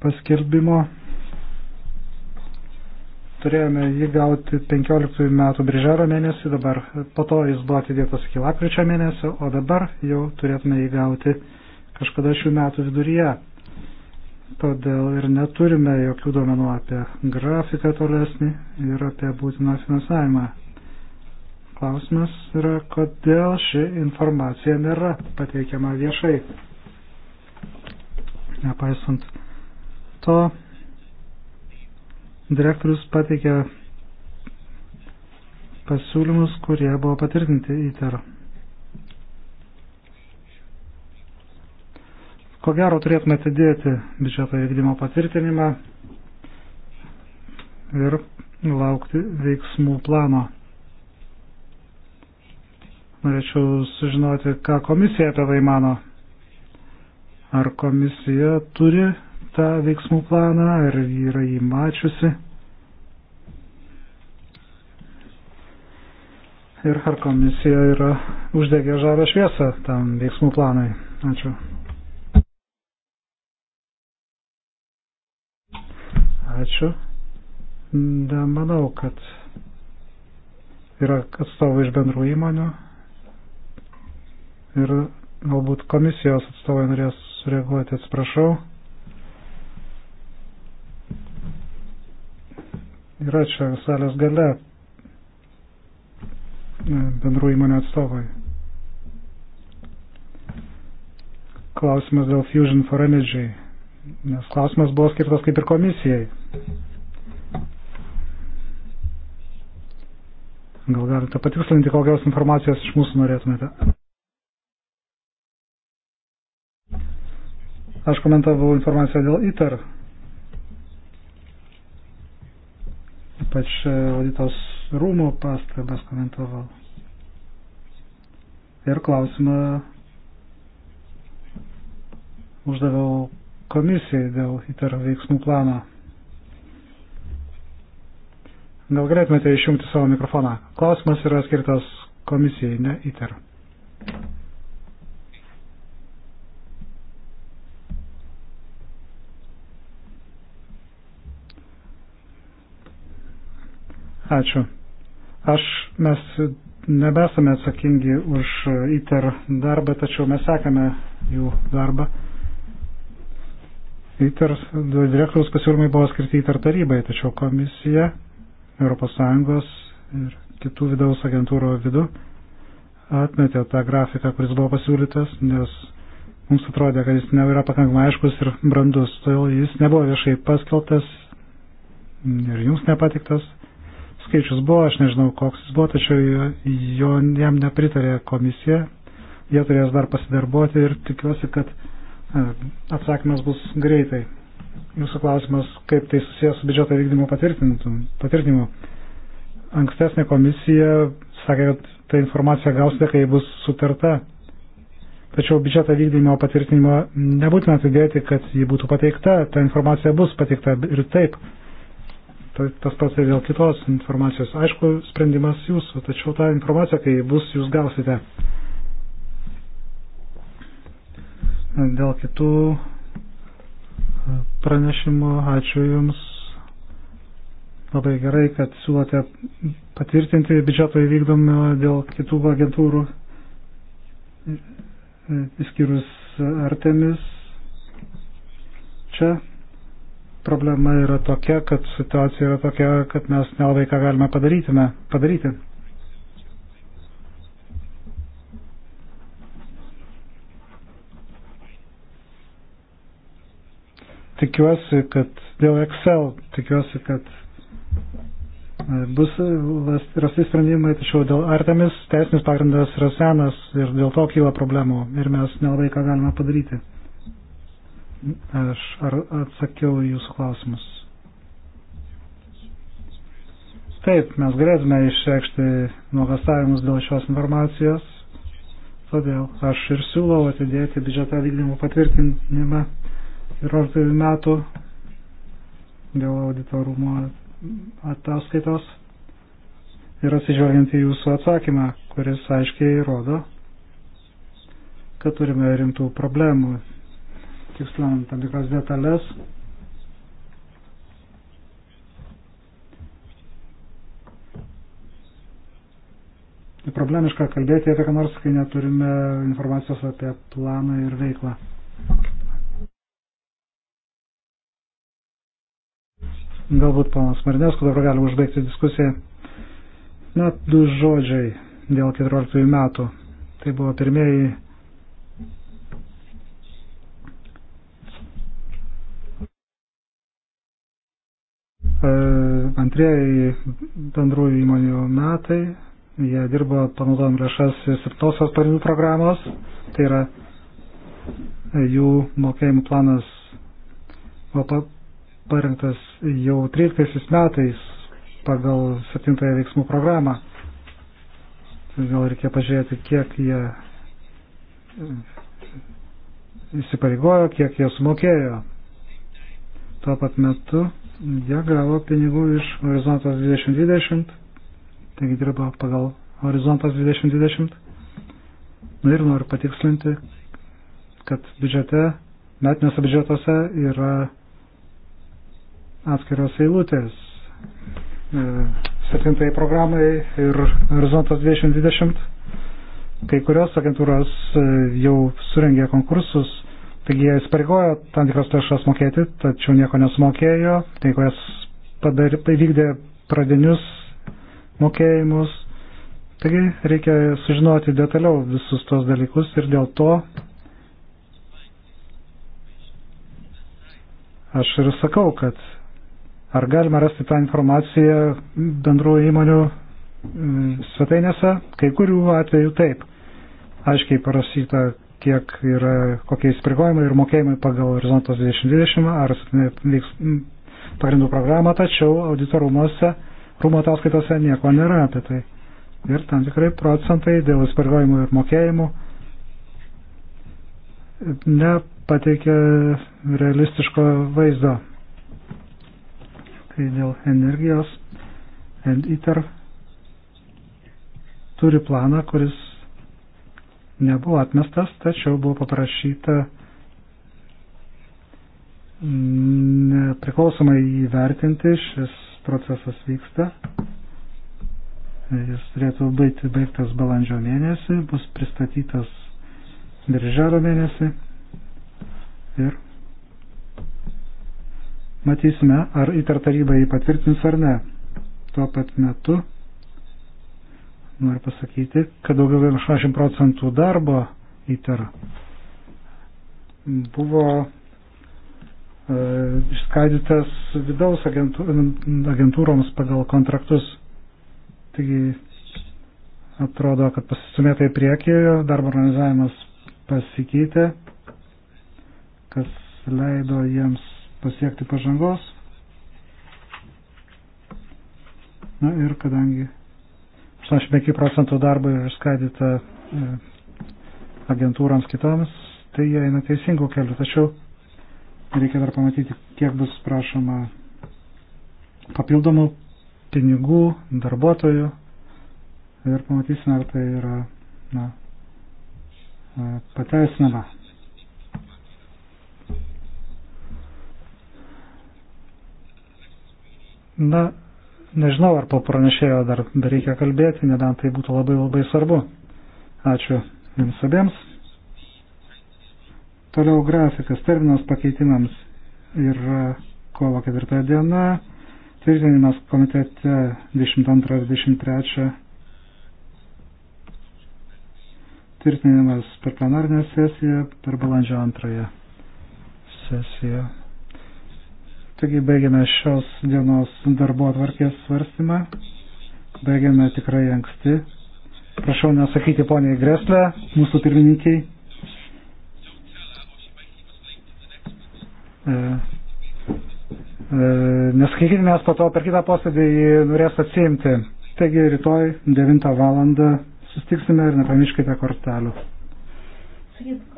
paskirbimo turėjome jį gauti 15 metų birželio mėnesį, dabar po to jis buvo atidėtas iki lapkričio mėnesio, o dabar jau turėtume jį gauti kažkada šių metų viduryje. Todėl ir neturime jokių duomenų apie grafiką tolesnį ir apie būtiną finansavimą. Klausimas yra, kodėl ši informacija nėra pateikiama viešai. Nepaisant to, Direktorius pateikė pasiūlymus, kurie buvo patvirtinti įter. Ko gero turėtume atidėti biudžeto vykdymo patvirtinimą ir laukti veiksmų plano. Norėčiau sužinoti, ką komisija apie tai mano. Ar komisija turi tą veiksmų planą, ar yra jį mačiusi. Ir ar komisija yra uždegę žalą šviesą tam veiksmų planui. Ačiū. Ačiū. Da, manau, kad yra atstovai iš bendrų įmonių ir galbūt komisijos atstovai norės sureaguoti, atsiprašau. yra čia salės gale bendrų įmonių atstovai. Klausimas dėl Fusion for Energy, nes klausimas buvo skirtas kaip ir komisijai. Gal galite patikslinti, kokios informacijos iš mūsų norėtumėte? Aš komentavau informaciją dėl ITER ypač e, auditos rūmų pastabas komentavau. Ir klausimą uždaviau komisijai dėl įtaro veiksmų plano. Gal galėtumėte išjungti savo mikrofoną? Klausimas yra skirtas komisijai, ne įtaro. Ačiū. Aš, mes nebesame atsakingi už ITER darbą, tačiau mes sekame jų darbą. ITER direktoriaus pasiūlymai buvo skirti ITER tarybai, tačiau komisija ES ir kitų vidaus agentūro vidu atmetė tą grafiką, kuris buvo pasiūlytas, nes mums atrodė, kad jis nėra pakankamai aiškus ir brandus, todėl jis nebuvo viešai paskeltas ir jums nepatiktas skaičius buvo, aš nežinau, koks jis buvo, tačiau jo, jam nepritarė komisija. Jie turės dar pasidarboti ir tikiuosi, kad e, atsakymas bus greitai. Jūsų klausimas, kaip tai susijęs su biudžeto vykdymo patvirtinimu. Ankstesnė komisija sakė, kad tą informaciją gausite, kai bus sutarta. Tačiau biudžeto vykdymo patvirtinimo nebūtina atidėti, kad ji būtų pateikta. Ta informacija bus pateikta ir taip. Ta, tas pats ir dėl kitos informacijos. Aišku, sprendimas jūsų, tačiau tą informaciją, kai bus, jūs gausite. Dėl kitų e, pranešimų, ačiū Jums. Labai gerai, kad siūlote patvirtinti biudžeto įvykdomą dėl kitų agentūrų, e, e, išskyrus Artemis. Čia problema yra tokia, kad situacija yra tokia, kad mes nelabai ką galime padarytume, padaryti. Tikiuosi, kad dėl Excel, tikiuosi, kad e, bus e, rasti sprendimai, tačiau dėl Artemis teisinis pagrindas yra senas ir dėl to kyla problemų ir mes nelabai ką galime padaryti. Aš ar atsakiau jūsų klausimus? Taip, mes galėtume išreikšti nuogastavimus dėl šios informacijos, todėl aš ir siūlau atidėti biudžeto vykdymo patvirtinimą 14 metų dėl auditorumo ataskaitos ir atsižvelgiant į jūsų atsakymą, kuris aiškiai rodo, kad turime rimtų problemų tikslant tam tikras detalės. Problemiška kalbėti apie ką nors, kai neturime informacijos apie planą ir veiklą. Galbūt panas Marinesku dabar gali užbaigti diskusiją. Na, du žodžiai dėl 14 metų. Tai buvo pirmieji E, antrieji bendrųjų įmonių metai. Jie dirbo panaudojant lėšas iš septosios pareigų programos. Tai yra e, jų mokėjimų planas buvo parengtas jau 13 metais pagal 7 veiksmų programą. Tai gal reikia pažiūrėti, kiek jie e, įsipareigojo, kiek jie sumokėjo tuo pat metu jie gavo pinigų iš Horizontas 2020, taigi dirbo pagal Horizontas 2020. Na ir noriu patikslinti, kad biudžete, metiniuose biudžetuose yra atskiros eilutės. E, septintai programai ir Horizontas 2020. Kai kurios agentūros e, jau surengė konkursus Taigi jie įsipareigojo tam tikras lėšas mokėti, tačiau nieko nesumokėjo, tai jas padarė, įvykdė pradinius mokėjimus. Taigi reikia sužinoti detaliau visus tos dalykus ir dėl to aš ir sakau, kad ar galima rasti tą informaciją bendrų įmonių mm, svetainėse, kai kurių atveju taip. Aiškiai parašyta, kiek yra, kokie įsipareigojimai ir mokėjimai pagal Horizontas 2020 ar pagrindų programą, tačiau auditorumuose, rūmo ataskaitose nieko nėra apie tai. Ir tam tikrai procentai dėl įsipareigojimų ir mokėjimų nepateikia realistiško vaizdo. Tai dėl energijos, ITER turi planą, kuris nebuvo atmestas, tačiau buvo paprašyta priklausomai įvertinti, šis procesas vyksta. Jis turėtų baigti baigtas balandžio mėnesį, bus pristatytas birželio mėnesį ir matysime, ar įtartaryba jį patvirtins ar ne. Tuo pat metu noriu pasakyti, kad daugiau kaip 80 procentų darbo įtara buvo e, išskaidytas vidaus agentų, agentūroms pagal kontraktus. Taigi atrodo, kad pasistumėta į priekį, darbo organizavimas pasikeitė, kas leido jiems pasiekti pažangos. Na ir kadangi 85 procentų darbo yra išskaidyta e, agentūrams kitoms, tai jie eina teisingų kelių. Tačiau reikia dar pamatyti, kiek bus prašoma papildomų pinigų, darbuotojų ir pamatysime, ar tai yra na, e, pateisinama. Na, Nežinau, ar po pranešėjo dar reikia kalbėti, nebent tai būtų labai labai svarbu. Ačiū Jums abiems. Toliau grafikas, terminas pakeitimams yra kovo 4 diena, tvirtinimas komitete 22-23, tvirtinimas per plenarinę sesiją, per balandžio antrąją sesiją. Taigi baigiame šios dienos darbo atvarkės svarstymą. Baigiame tikrai anksti. Prašau nesakyti poniai Greslę, mūsų pirmininkiai. E, e, nesakykite, nes po to per kitą posėdį jį norės atsiimti. Taigi rytoj 9 val. sustiksime ir nepamirškite kortelių. Sakyt.